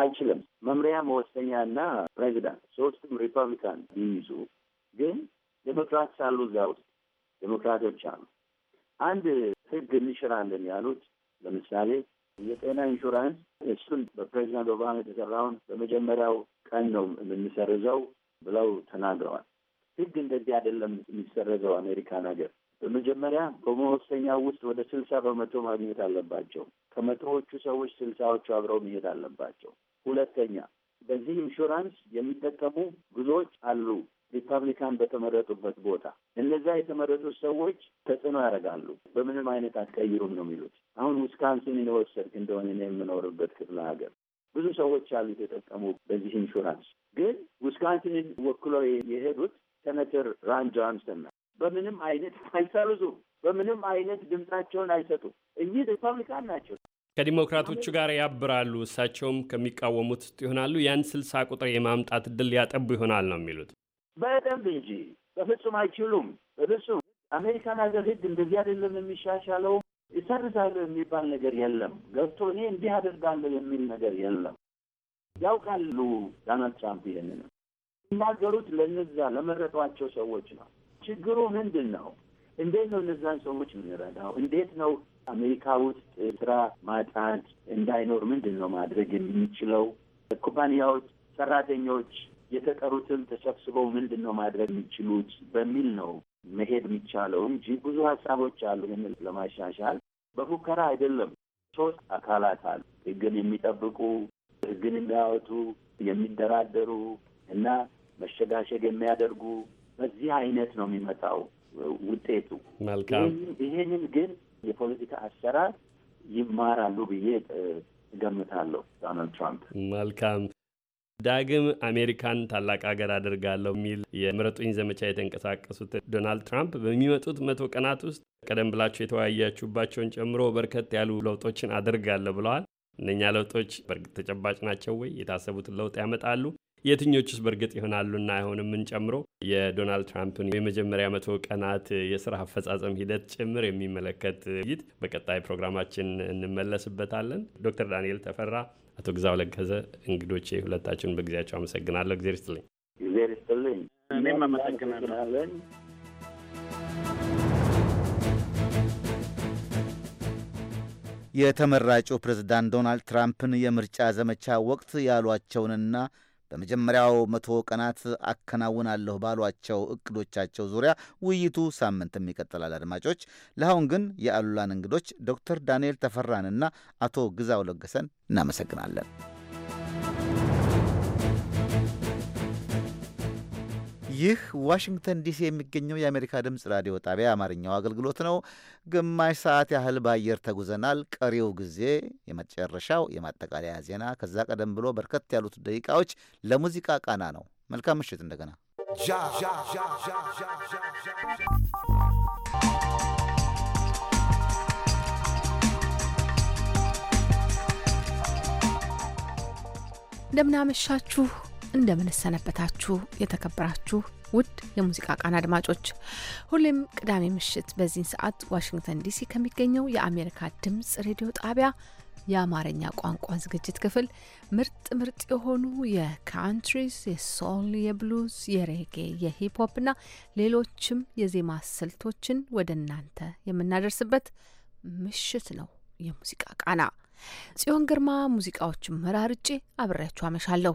አይችልም። መምሪያ መወሰኛ ና ፕሬዚዳንት ሶስቱም ሪፐብሊካን ቢይዙ ግን ዴሞክራት አሉ፣ እዛ ውስጥ ዴሞክራቶች አሉ። አንድ ህግ እንሽራለን ያሉት ለምሳሌ የጤና ኢንሹራንስ እሱን በፕሬዚዳንት ኦባማ የተሰራውን በመጀመሪያው ቀን ነው የምንሰርዘው ብለው ተናግረዋል። ህግ እንደዚህ አይደለም የሚሰረዘው አሜሪካን ሀገር። በመጀመሪያ በመወሰኛ ውስጥ ወደ ስልሳ በመቶ ማግኘት አለባቸው። ከመቶዎቹ ሰዎች ስልሳዎቹ አብረው መሄድ አለባቸው። ሁለተኛ በዚህ ኢንሹራንስ የሚጠቀሙ ብዙዎች አሉ። ሪፐብሊካን በተመረጡበት ቦታ እነዛ የተመረጡት ሰዎች ተጽዕኖ ያደርጋሉ። በምንም አይነት አትቀይሩም ነው የሚሉት። አሁን ዊስካንሲንን የወሰድክ እንደሆነ እኔ የምኖርበት ክፍለ ሀገር ብዙ ሰዎች አሉ የተጠቀሙ በዚህ ኢንሹራንስ። ግን ዊስካንሲንን ወክሎ የሄዱት ሴኔተር ራን ጆንሰን ነው። በምንም አይነት አይሰርዙም። በምንም አይነት ድምፃቸውን አይሰጡም። እኚህ ሪፐብሊካን ናቸው። ከዲሞክራቶቹ ጋር ያብራሉ። እሳቸውም ከሚቃወሙት ውስጥ ይሆናሉ። ያን ስልሳ ቁጥር የማምጣት እድል ያጠቡ ይሆናል ነው የሚሉት። በደንብ እንጂ በፍጹም አይችሉም። በፍጹም አሜሪካን ሀገር ህግ እንደዚህ አይደለም የሚሻሻለው። ይሰርዛለሁ የሚባል ነገር የለም። ገብቶ እኔ እንዲህ አደርጋለሁ የሚል ነገር የለም። ያውቃሉ ዶናልድ ትራምፕ ይህንን የሚናገሩት ለነዛ ለመረጧቸው ሰዎች ነው። ችግሩ ምንድን ነው? እንዴት ነው እነዛን ሰዎች የምንረዳው? እንዴት ነው አሜሪካ ውስጥ ስራ ማጣት እንዳይኖር ምንድን ነው ማድረግ የሚችለው? ኩባንያዎች ሰራተኞች የተጠሩትን ተሰብስበው ምንድን ነው ማድረግ የሚችሉት በሚል ነው መሄድ የሚቻለው እንጂ ብዙ ሀሳቦች አሉ። ይህን ለማሻሻል በፉከራ አይደለም። ሶስት አካላት አሉ፣ ህግን የሚጠብቁ ህግን የሚያወጡ የሚደራደሩ እና መሸጋሸግ የሚያደርጉ በዚህ አይነት ነው የሚመጣው ውጤቱ። መልካም። ይሄንን ግን የፖለቲካ አሰራር ይማራሉ ብዬ እገምታለሁ ዶናልድ ትራምፕ። መልካም። ዳግም አሜሪካን ታላቅ ሀገር አድርጋለሁ የሚል የምረጡኝ ዘመቻ የተንቀሳቀሱት ዶናልድ ትራምፕ በሚመጡት መቶ ቀናት ውስጥ ቀደም ብላቸው የተወያያችሁባቸውን ጨምሮ በርከት ያሉ ለውጦችን አድርጋለሁ ብለዋል። እነኛ ለውጦች በእርግጥ ተጨባጭ ናቸው ወይ? የታሰቡትን ለውጥ ያመጣሉ? የትኞቹስ በእርግጥ ይሆናሉና ምን ጨምሮ የዶናልድ ትራምፕን የመጀመሪያ መቶ ቀናት የስራ አፈጻጸም ሂደት ጭምር የሚመለከት ውይይት በቀጣይ ፕሮግራማችን እንመለስበታለን። ዶክተር ዳንኤል ተፈራ አቶ ግዛው ለገዘ እንግዶቼ ሁለታችሁን በጊዜያቸው አመሰግናለሁ። እግዜር ይስጥልኝ። እግዜር ይስጥልኝ። እኔም አመሰግናለን። የተመራጩ ፕሬዝዳንት ዶናልድ ትራምፕን የምርጫ ዘመቻ ወቅት ያሏቸውንና በመጀመሪያው መቶ ቀናት አከናውናለሁ ባሏቸው እቅዶቻቸው ዙሪያ ውይይቱ ሳምንትም ይቀጥላል። አድማጮች፣ ለአሁን ግን የአሉላን እንግዶች ዶክተር ዳንኤል ተፈራንና አቶ ግዛው ለገሰን እናመሰግናለን። ይህ ዋሽንግተን ዲሲ የሚገኘው የአሜሪካ ድምፅ ራዲዮ ጣቢያ የአማርኛው አገልግሎት ነው። ግማሽ ሰዓት ያህል በአየር ተጉዘናል። ቀሪው ጊዜ የመጨረሻው የማጠቃለያ ዜና፣ ከዛ ቀደም ብሎ በርከት ያሉት ደቂቃዎች ለሙዚቃ ቃና ነው። መልካም ምሽት እንደገና እንደምናመሻችሁ እንደምንሰነበታችሁ የተከበራችሁ ውድ የሙዚቃ ቃና አድማጮች ሁሌም ቅዳሜ ምሽት በዚህን ሰዓት ዋሽንግተን ዲሲ ከሚገኘው የአሜሪካ ድምፅ ሬዲዮ ጣቢያ የአማርኛ ቋንቋ ዝግጅት ክፍል ምርጥ ምርጥ የሆኑ የካንትሪስ፣ የሶል፣ የብሉዝ፣ የሬጌ፣ የሂፕሆፕ እና ሌሎችም የዜማ ስልቶችን ወደ እናንተ የምናደርስበት ምሽት ነው። የሙዚቃ ቃና ጽዮን ግርማ ሙዚቃዎችን መራርጬ አብሬያችሁ አመሻለሁ።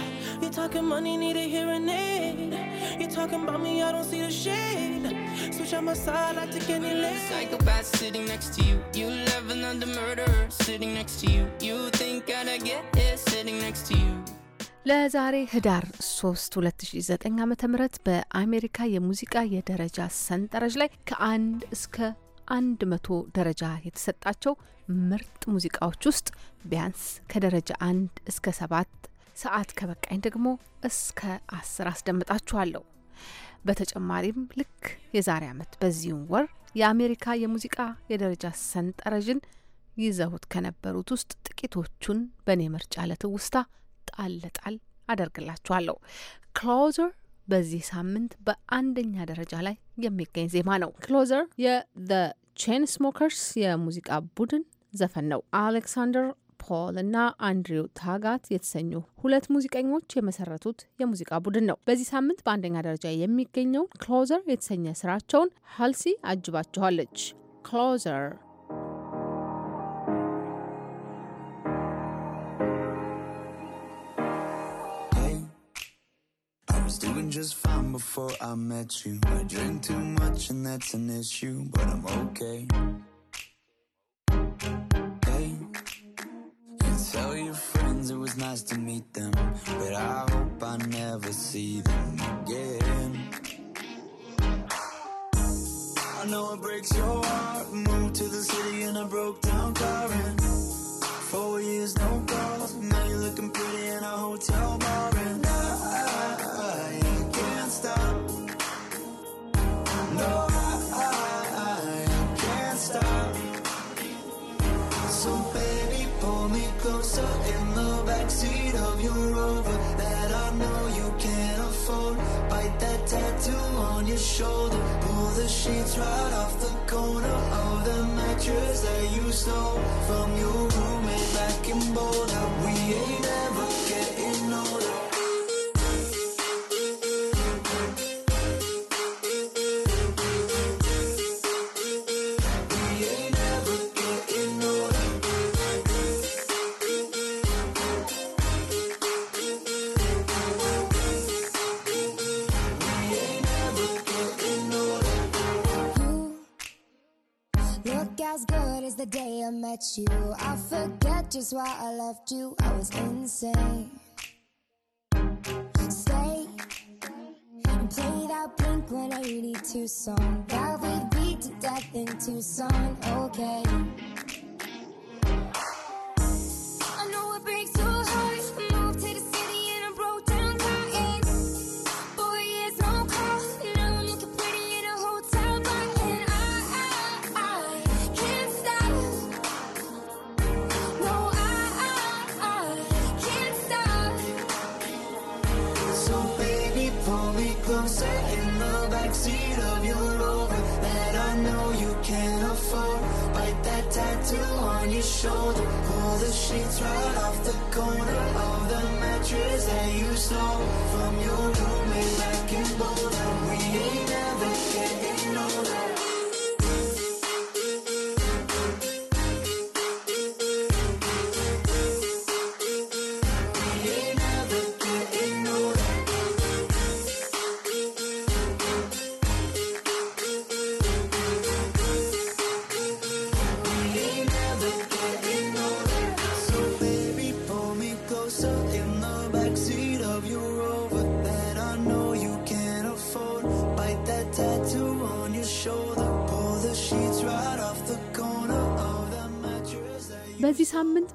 talking money, need a hearing aid. You talking about me, I don't see the shade. Switch on my side, I take any lane. Psychopath sitting next to you. You love another murderer sitting next to you. You think I'd get here sitting next to you. ለዛሬ ህዳር 3 2009 ዓ ም በአሜሪካ የሙዚቃ የደረጃ ሰንጠረዥ ላይ ከአንድ እስከ አንድ መቶ ደረጃ የተሰጣቸው ምርጥ ሙዚቃዎች ውስጥ ቢያንስ ከደረጃ አንድ እስከ ሰባት ሰዓት ከበቃኝ ደግሞ እስከ አስር አስደምጣችኋለሁ። በተጨማሪም ልክ የዛሬ ዓመት በዚሁም ወር የአሜሪካ የሙዚቃ የደረጃ ሰንጠረዥን ይዘውት ከነበሩት ውስጥ ጥቂቶቹን በእኔ ምርጫ ለትውስታ ጣል ጣል አደርግላችኋለሁ። ክሎዘር በዚህ ሳምንት በአንደኛ ደረጃ ላይ የሚገኝ ዜማ ነው። ክሎዘር የ ቼን ስሞከርስ የሙዚቃ ቡድን ዘፈን ነው። አሌክሳንደር ፖል እና አንድሪው ታጋት የተሰኙ ሁለት ሙዚቀኞች የመሰረቱት የሙዚቃ ቡድን ነው። በዚህ ሳምንት በአንደኛ ደረጃ የሚገኘውን ክሎዘር የተሰኘ ስራቸውን ሀልሲ አጅባችኋለች። ክሎዘር just fine before I met you. I drink too much and that's an issue, but I'm okay. was nice to meet them, but I hope I never see them again. I know it breaks your heart. Moved to the city in a broke down car. And four years, no calls. Now you're looking pretty in a hotel bar. shoulder Pull the sheets right off the corner Of the mattress that you stole from your met you. I forget just why I left you. I was insane. Stay and play that Blink 182 song that we beat to death in Tucson. Okay. shoulder Pull the sheets right off the corner Of the mattress that you stole From your roommate back in Boulder We ain't never getting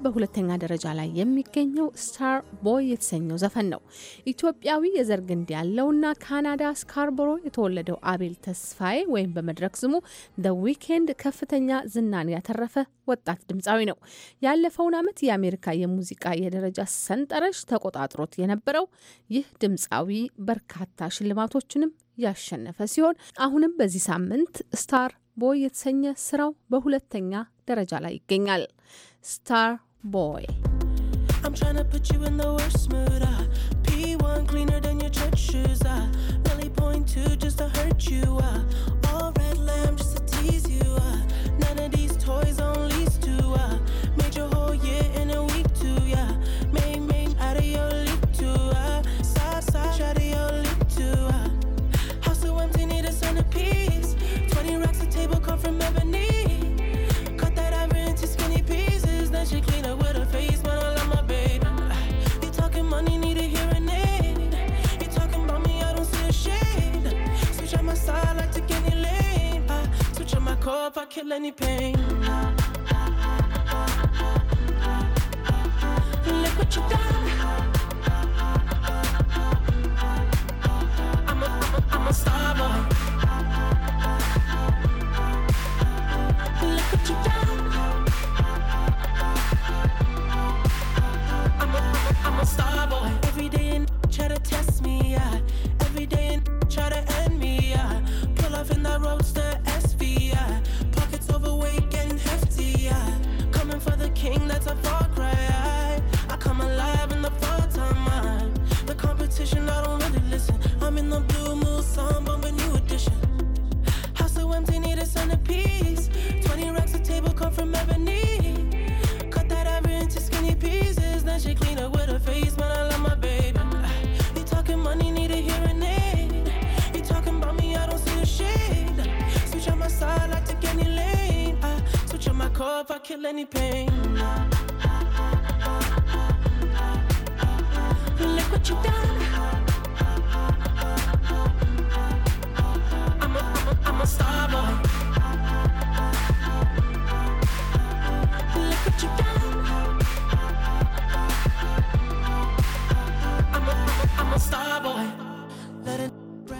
በሁለተኛ ደረጃ ላይ የሚገኘው ስታር ቦይ የተሰኘው ዘፈን ነው። ኢትዮጵያዊ የዘር ግንድ ያለውና ካናዳ ስካርቦሮ የተወለደው አቤል ተስፋዬ ወይም በመድረክ ስሙ ደ ዊኬንድ ከፍተኛ ዝናን ያተረፈ ወጣት ድምፃዊ ነው። ያለፈውን ዓመት የአሜሪካ የሙዚቃ የደረጃ ሰንጠረዥ ተቆጣጥሮት የነበረው ይህ ድምፃዊ በርካታ ሽልማቶችንም ያሸነፈ ሲሆን አሁንም በዚህ ሳምንት ስታር ቦይ የተሰኘ ስራው በሁለተኛ ደረጃ ላይ ይገኛል። ስታር boy. I'm trying to put you in the worst mood. Uh. P1 cleaner than your church shoes. Uh. Really just to hurt you. Uh. All red lamb just to tease you. Uh. None of these toys I kill any pain. Look what you done. I'm a, I'm a, I'm a star boy. Look what you done. I'm a, I'm a, I'm a star boy. kill any pain. Look what you done. I'm a, I'm a, I'm a star boy. Look what you done. I'm a, I'm a star boy.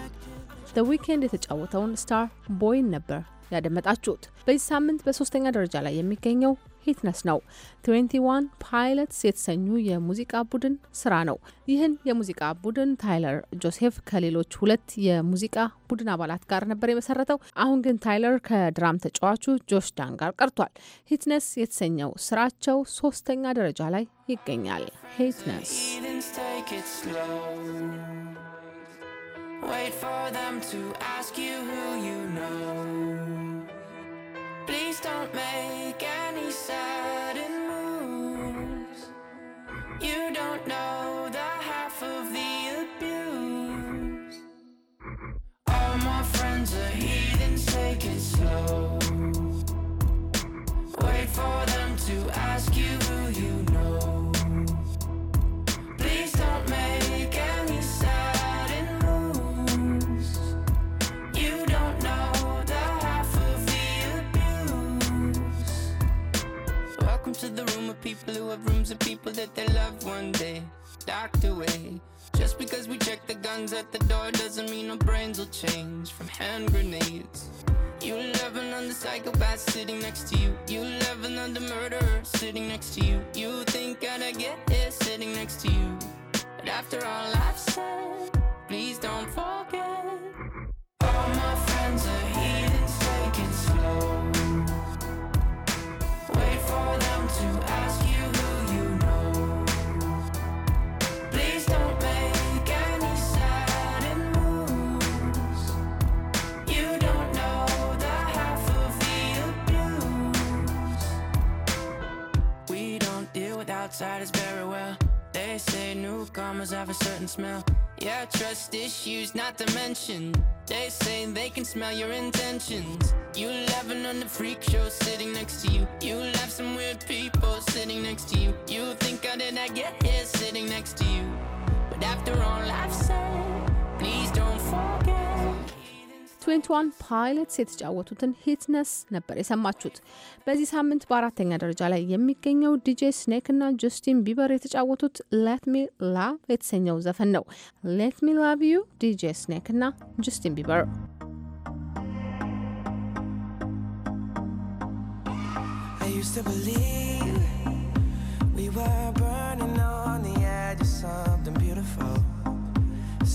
The weekend oh, ያደመጣችሁት። በዚህ ሳምንት በሶስተኛ ደረጃ ላይ የሚገኘው ሂትነስ ነው። 21 ፓይለትስ የተሰኙ የሙዚቃ ቡድን ስራ ነው። ይህን የሙዚቃ ቡድን ታይለር ጆሴፍ ከሌሎች ሁለት የሙዚቃ ቡድን አባላት ጋር ነበር የመሰረተው። አሁን ግን ታይለር ከድራም ተጫዋቹ ጆሽ ዳን ጋር ቀርቷል። ሂትነስ የተሰኘው ስራቸው ሶስተኛ ደረጃ ላይ ይገኛል። ሂትነስ Wait for them to ask you who you know. Please don't make any sudden moves. You don't know the half of the abuse. All my friends are heathens, take it slow. Wait for them to ask you who you to the room of people who have rooms of people that they love one day docked away. Just because we check the guns at the door doesn't mean our brains will change from hand grenades. You love another psychopath sitting next to you. You love another murderer sitting next to you. You think I'd get it sitting next to you. But after all I've said, please don't forget. All my friends are here. smell. Yeah, trust issues, not to mention. They say they can smell your intentions. You laughing on the freak show sitting next to you. You laugh some weird people sitting next to you. You think how did I get here sitting next to you? But after all I've said, please don't forget. 21 ፓይለትስ የተጫወቱትን ሂትነስ ነበር የሰማችሁት። በዚህ ሳምንት በአራተኛ ደረጃ ላይ የሚገኘው ዲጄ ስኔክ እና ጀስቲን ቢበር የተጫወቱት ሌት ሚ ላቭ የተሰኘው ዘፈን ነው። ሌት ሚ ላቭ ዩ ዲጄ ስኔክ እና ጀስቲን ቢበር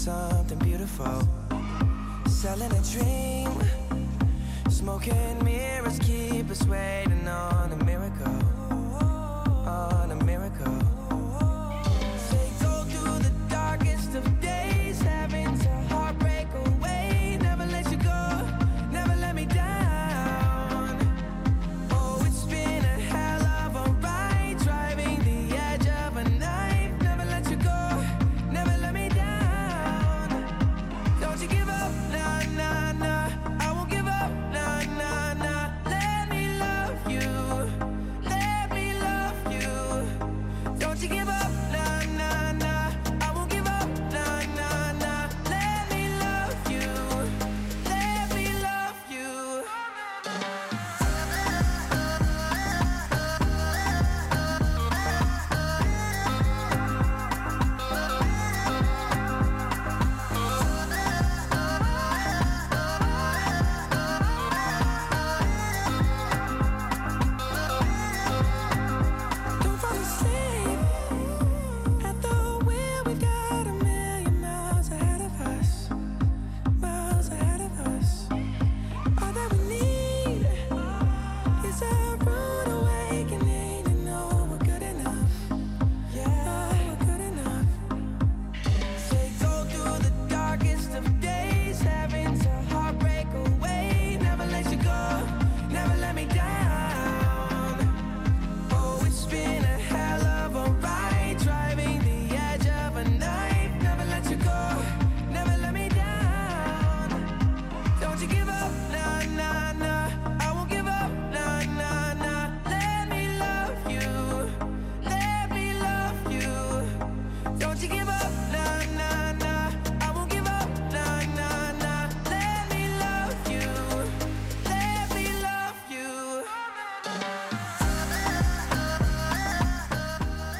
Something beautiful selling a dream Smoking mirrors keep us waiting on a miracle On a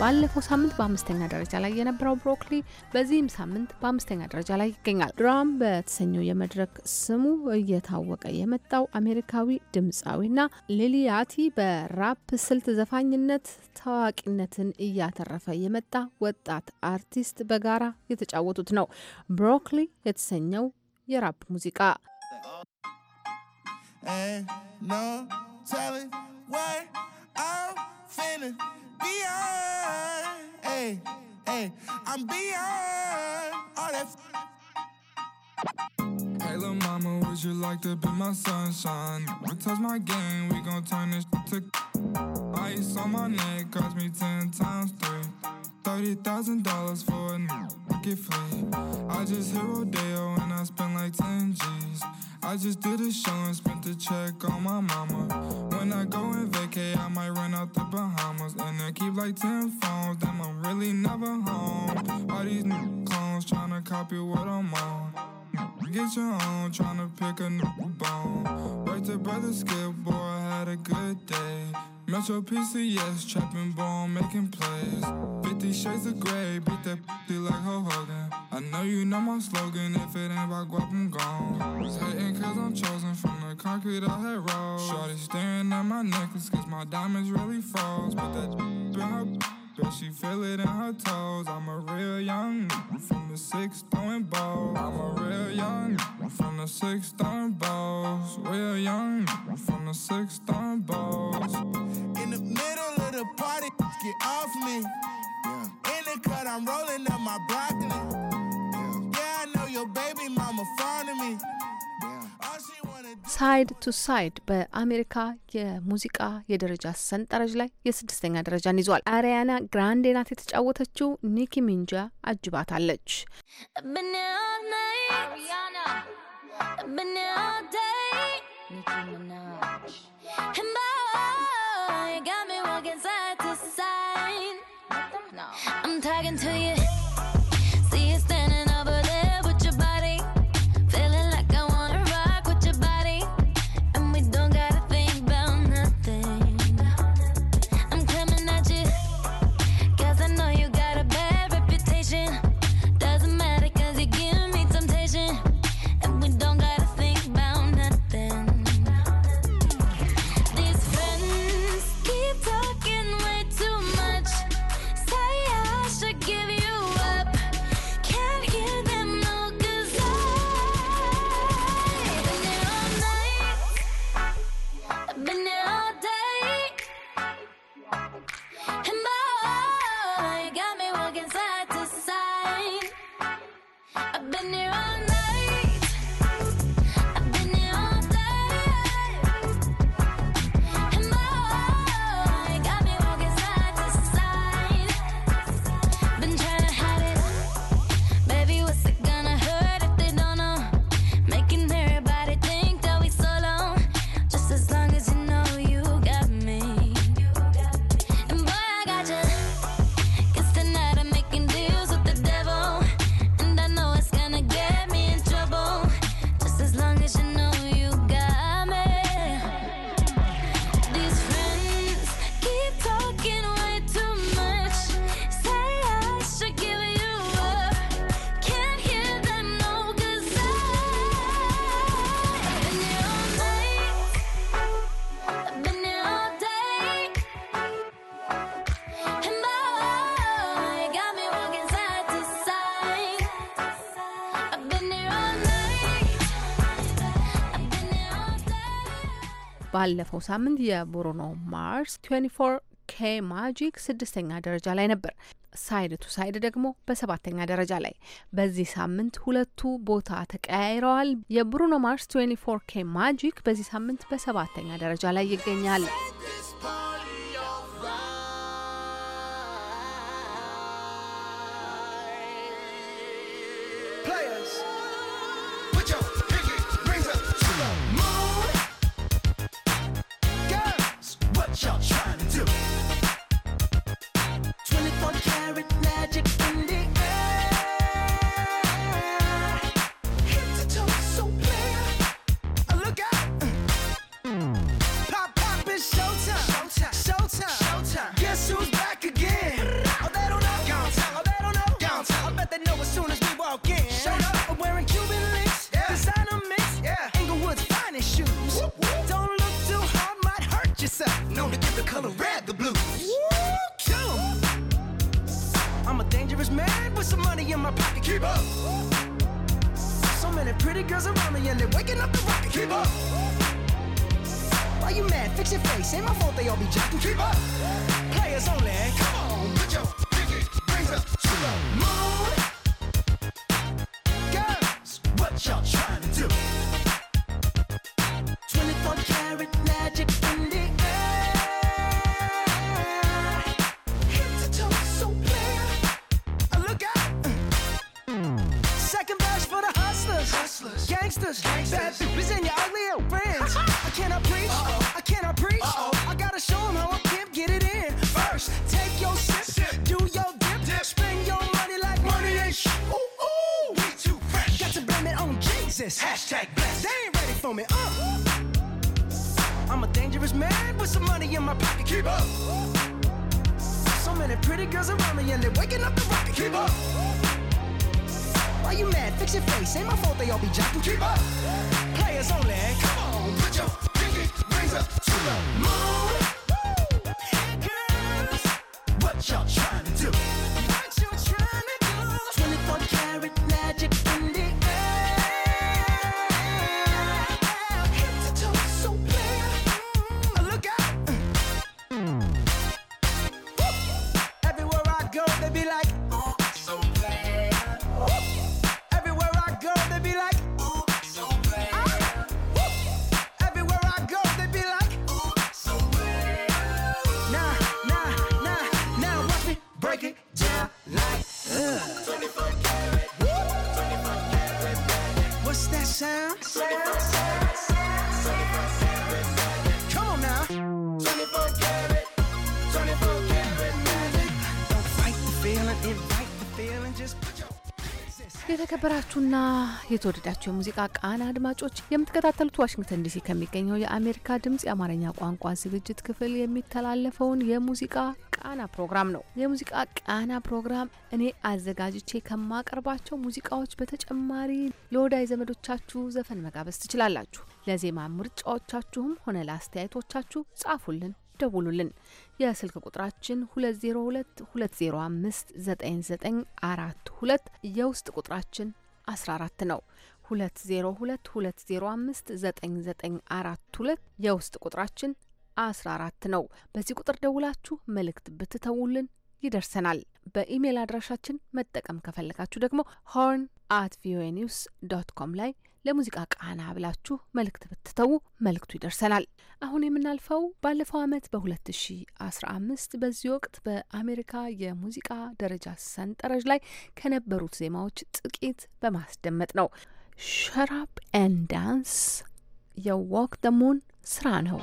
ባለፈው ሳምንት በአምስተኛ ደረጃ ላይ የነበረው ብሮኮሊ በዚህም ሳምንት በአምስተኛ ደረጃ ላይ ይገኛል። ድራም በተሰኘው የመድረክ ስሙ እየታወቀ የመጣው አሜሪካዊ ድምፃዊና ሊሊያቲ በራፕ ስልት ዘፋኝነት ታዋቂነትን እያተረፈ የመጣ ወጣት አርቲስት በጋራ የተጫወቱት ነው ብሮኮሊ የተሰኘው የራፕ ሙዚቃ Ain't no telling what I'm feeling. beyond. Hey, hey, I'm beyond all that. F- hey, little mama, would you like to be my sunshine? We touch my game, we gon' turn this to ice on my neck. Cost me ten times three. Thirty thousand dollars for a new pocket I just hit Rodeo and I spent like 10 G's. I just did a show and spent the check on my mama. When I go and vacay, I might run out the Bahamas. And I keep like 10 phones, damn, I'm really never home. All these new clones tryna copy what I'm on. Get your own, tryna pick a new bone. Worked to brother skip, boy, I had a good day. Metro PCS, trapping ball, making plays. 50 shades of gray, beat that p- like Ho Hogan. I know you know my slogan, if it ain't about guap, I'm gone. hating cause I'm chosen from the concrete I had rolled. Shorty staring at my necklace cause my diamonds really froze. But that in her but she feel it in her toes. I'm a real young from the six throwing balls. I'm a real young from the six throwing balls. Real young from the six throwing balls. In the middle of the party, get off me. Yeah. In the cut, I'm rolling up my broccoli. Yeah, yeah I know your baby mama fond of me. ሳይድ ቱ ሳይድ በአሜሪካ የሙዚቃ የደረጃ ሰንጠረዥ ላይ የስድስተኛ ደረጃን ይዟል። አሪያና ግራንዴ ናት የተጫወተችው። ኒኪ ሚንጃ አጅባታለች። I'm talking to you. ባለፈው ሳምንት የቡሩኖ ማርስ 24 ኬ ማጂክ ስድስተኛ ደረጃ ላይ ነበር። ሳይድ ቱ ሳይድ ደግሞ በሰባተኛ ደረጃ ላይ። በዚህ ሳምንት ሁለቱ ቦታ ተቀያይረዋል። የብሩኖ ማርስ 24 ኬ ማጂክ በዚህ ሳምንት በሰባተኛ ደረጃ ላይ ይገኛል። Pretty girls around me and they're waking up the rocket. Keep up. Why you mad? Fix your face. Ain't my fault they all be jocking. Keep up. Players only. Come on, put your pinky rings up to the moon. Girls, what y'all? check. They ain't ready for me. Uh. I'm a dangerous man with some money in my pocket. Keep up. So many pretty girls around me and they're waking up the rocket. Keep up. Why you mad? Fix your face. Ain't my fault they all be jocking. Keep up. Players only. Come on, put your pinky rings up to the moon. Girls, what y'all? የተወደዳቸው የሙዚቃ ቃና አድማጮች የምትከታተሉት ዋሽንግተን ዲሲ ከሚገኘው የአሜሪካ ድምጽ የአማርኛ ቋንቋ ዝግጅት ክፍል የሚተላለፈውን የሙዚቃ ቃና ፕሮግራም ነው። የሙዚቃ ቃና ፕሮግራም እኔ አዘጋጅቼ ከማቀርባቸው ሙዚቃዎች በተጨማሪ ለወዳጅ ዘመዶቻችሁ ዘፈን መጋበዝ ትችላላችሁ። ለዜማ ምርጫዎቻችሁም ሆነ ለአስተያየቶቻችሁ ጻፉልን፣ ደውሉልን። የስልክ ቁጥራችን 2022059942 የውስጥ ቁጥራችን 14 ነው። 2022059942 የውስጥ ቁጥራችን 14 ነው። በዚህ ቁጥር ደውላችሁ መልእክት ብትተውልን ይደርሰናል። በኢሜይል አድራሻችን መጠቀም ከፈለጋችሁ ደግሞ ሆርን አት ቪኦኤ ኒውስ ዶት ኮም ላይ ለሙዚቃ ቃና ብላችሁ መልእክት ብትተዉ መልእክቱ ይደርሰናል። አሁን የምናልፈው ባለፈው ዓመት በ2015 በዚህ ወቅት በአሜሪካ የሙዚቃ ደረጃ ሰንጠረዥ ላይ ከነበሩት ዜማዎች ጥቂት በማስደመጥ ነው። ሸራፕ ኤን ዳንስ የዋክ ደሞን ስራ ነው።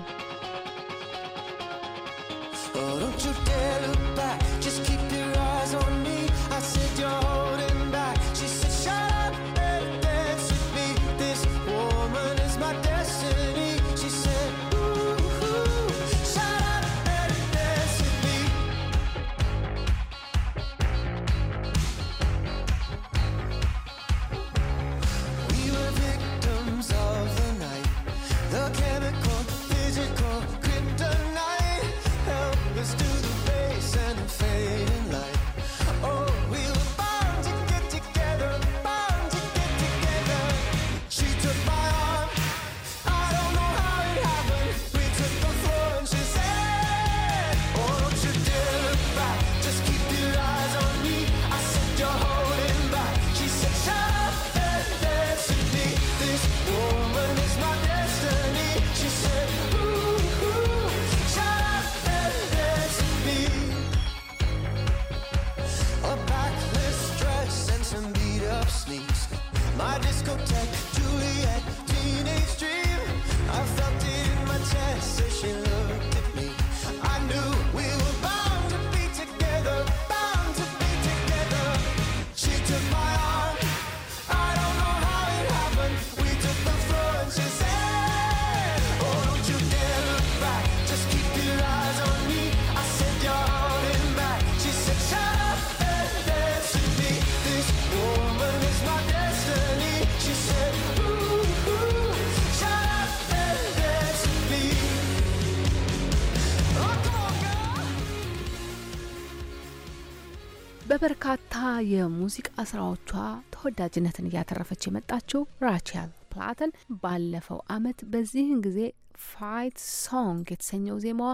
በበርካታ የሙዚቃ ስራዎቿ ተወዳጅነትን እያተረፈች የመጣችው ራቸል ፕላተን ባለፈው አመት በዚህን ጊዜ ፋይት ሶንግ የተሰኘው ዜማዋ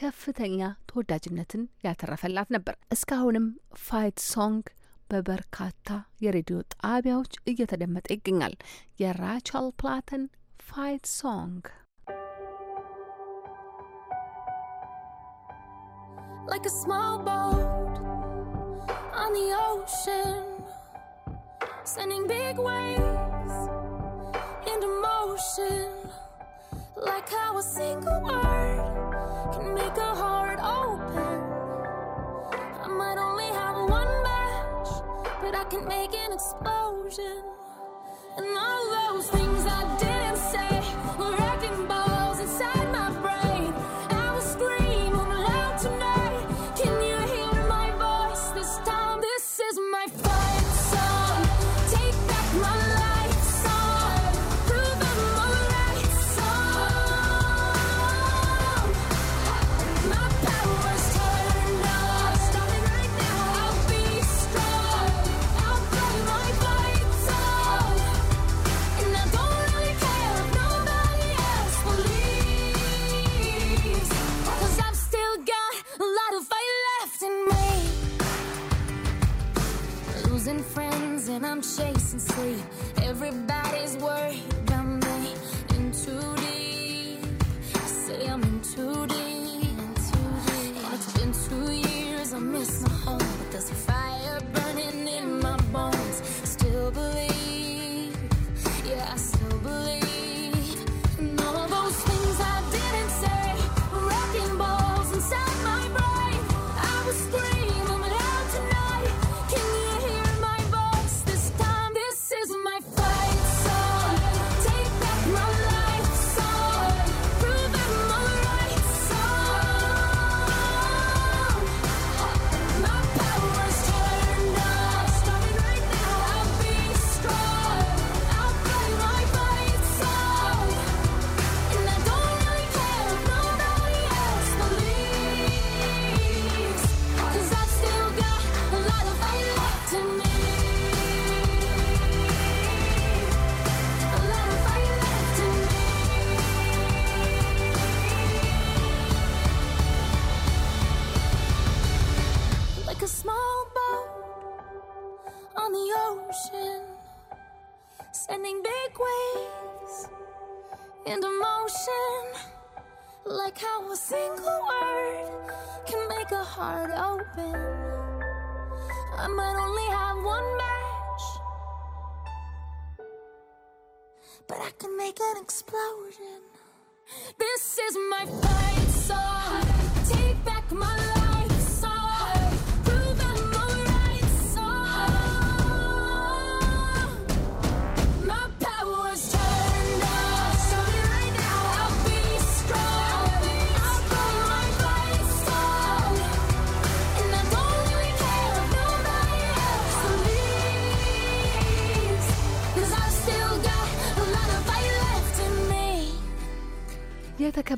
ከፍተኛ ተወዳጅነትን ያተረፈላት ነበር። እስካሁንም ፋይት ሶንግ በበርካታ የሬዲዮ ጣቢያዎች እየተደመጠ ይገኛል። የራቸል ፕላተን ፋይት ሶንግ like a small boat on the ocean, sending big waves into motion. Like how a single word can make a heart open. I might only have one match, but I can make an explosion. And all those things I didn't say.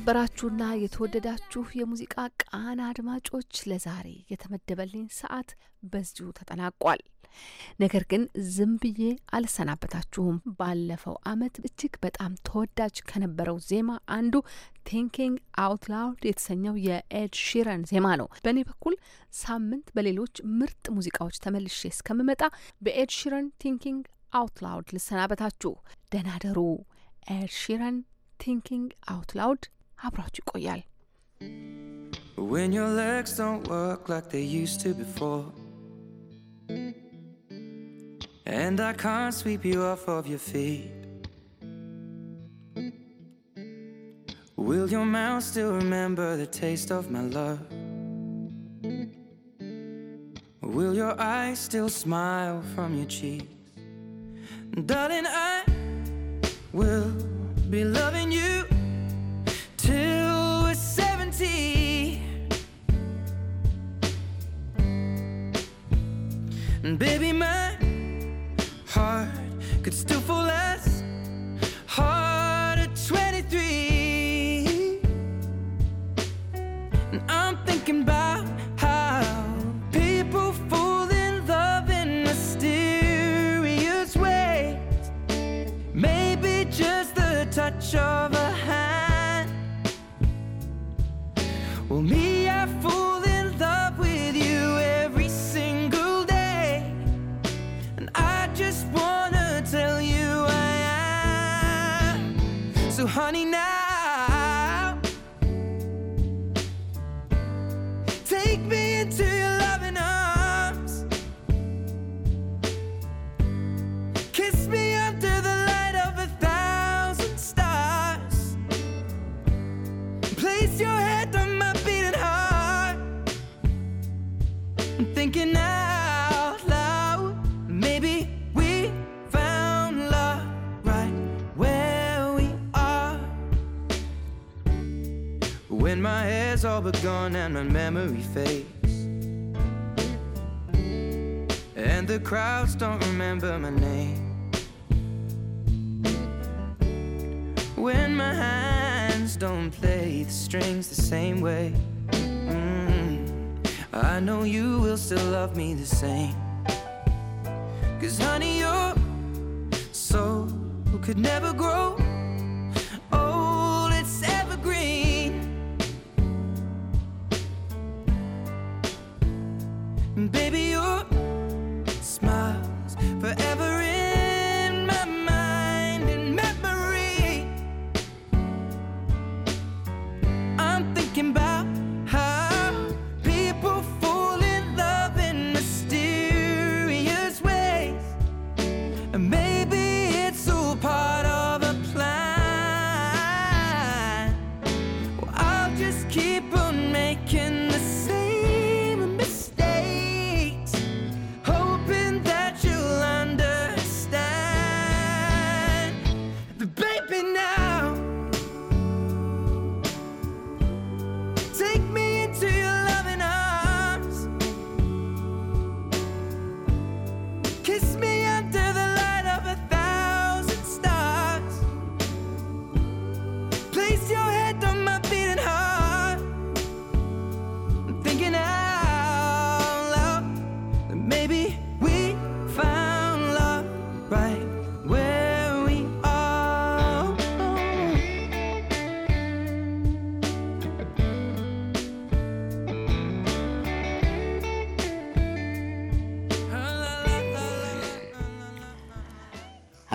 የተከበራችሁና የተወደዳችሁ የሙዚቃ ቃና አድማጮች ለዛሬ የተመደበልኝ ሰዓት በዚሁ ተጠናቋል። ነገር ግን ዝም ብዬ አልሰናበታችሁም። ባለፈው ዓመት እጅግ በጣም ተወዳጅ ከነበረው ዜማ አንዱ ቲንኪንግ አውት ላውድ የተሰኘው የኤድ ሺረን ዜማ ነው። በእኔ በኩል ሳምንት በሌሎች ምርጥ ሙዚቃዎች ተመልሼ እስከምመጣ በኤድ ሺረን ቲንኪንግ አውት ላውድ ልሰናበታችሁ። ደናደሩ ኤድ ሺረን ቲንኪንግ አውት ላውድ አብራችሁ ይቆያል። When your legs don't work like they used to before And I can't sweep you off of your feet Will your mouth still remember the taste of my love? Will your eyes still smile from your cheeks? Darling, I will be loving you empty. And baby, my heart could still fall less hard at 23. And I'm thinking about how people fall in love in mysterious ways. Maybe just the touch of a hand. Well, me all but gone and my memory fades. And the crowds don't remember my name. When my hands don't play the strings the same way, mm I know you will still love me the same. Cause honey, your soul could never grow.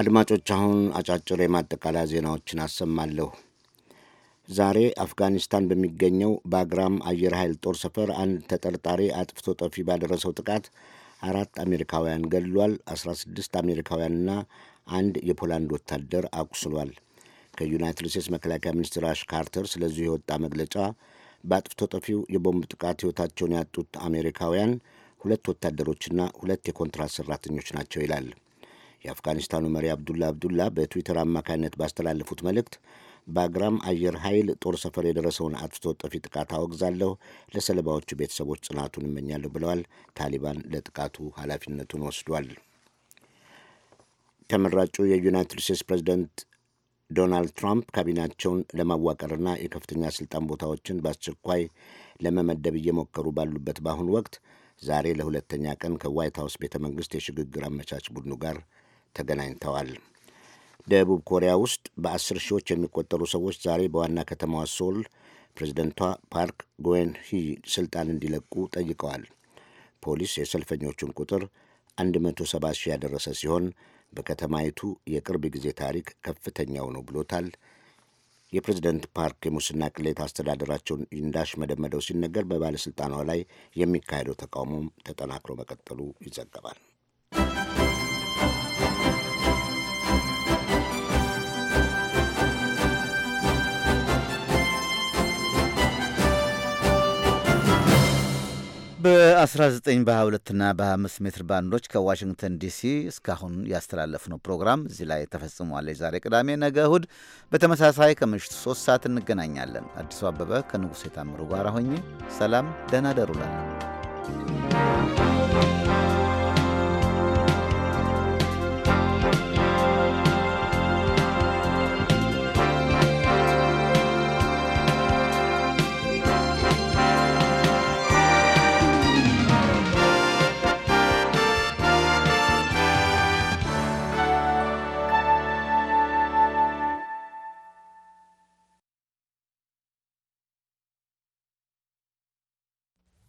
አድማጮች፣ አሁን አጫጭር የማጠቃለያ ዜናዎችን አሰማለሁ። ዛሬ አፍጋኒስታን በሚገኘው ባግራም አየር ኃይል ጦር ሰፈር አንድ ተጠርጣሪ አጥፍቶ ጠፊ ባደረሰው ጥቃት አራት አሜሪካውያን ገድሏል። 16 አሜሪካውያንና አንድ የፖላንድ ወታደር አቁስሏል። ከዩናይትድ ስቴትስ መከላከያ ሚኒስትር አሽ ካርተር ስለዚሁ የወጣ መግለጫ በአጥፍቶ ጠፊው የቦምብ ጥቃት ሕይወታቸውን ያጡት አሜሪካውያን ሁለት ወታደሮችና ሁለት የኮንትራት ሠራተኞች ናቸው ይላል። የአፍጋኒስታኑ መሪ አብዱላ አብዱላ በትዊተር አማካይነት ባስተላለፉት መልእክት በአግራም አየር ኃይል ጦር ሰፈር የደረሰውን አጥፍቶ ጠፊ ጥቃት አወግዛለሁ፣ ለሰለባዎቹ ቤተሰቦች ጽናቱን እመኛለሁ ብለዋል። ታሊባን ለጥቃቱ ኃላፊነቱን ወስዷል። ተመራጩ የዩናይትድ ስቴትስ ፕሬዚደንት ዶናልድ ትራምፕ ካቢናቸውን ለማዋቀርና የከፍተኛ ስልጣን ቦታዎችን በአስቸኳይ ለመመደብ እየሞከሩ ባሉበት በአሁኑ ወቅት ዛሬ ለሁለተኛ ቀን ከዋይት ሀውስ ቤተ መንግስት የሽግግር አመቻች ቡድኑ ጋር ተገናኝተዋል። ደቡብ ኮሪያ ውስጥ በአስር ሺዎች የሚቆጠሩ ሰዎች ዛሬ በዋና ከተማዋ ሶል ፕሬዚደንቷ ፓርክ ጎዌን ሂ ስልጣን እንዲለቁ ጠይቀዋል። ፖሊስ የሰልፈኞቹን ቁጥር 170 ሺህ ያደረሰ ሲሆን በከተማይቱ የቅርብ ጊዜ ታሪክ ከፍተኛው ነው ብሎታል። የፕሬዚደንት ፓርክ የሙስና ቅሌት አስተዳደራቸውን መደመደው ሲነገር በባለሥልጣኗ ላይ የሚካሄደው ተቃውሞም ተጠናክሮ መቀጠሉ ይዘገባል። በ19 በ22ና በ25 ሜትር ባንዶች ከዋሽንግተን ዲሲ እስካሁን ያስተላለፍነው ፕሮግራም እዚህ ላይ ተፈጽሟል። የዛሬ ቅዳሜ፣ ነገ እሁድ በተመሳሳይ ከምሽቱ 3 ሰዓት እንገናኛለን። አዲሱ አበበ ከንጉሴ ታምሩ ጋር ሆኜ ሰላም ደህና ደሩላል።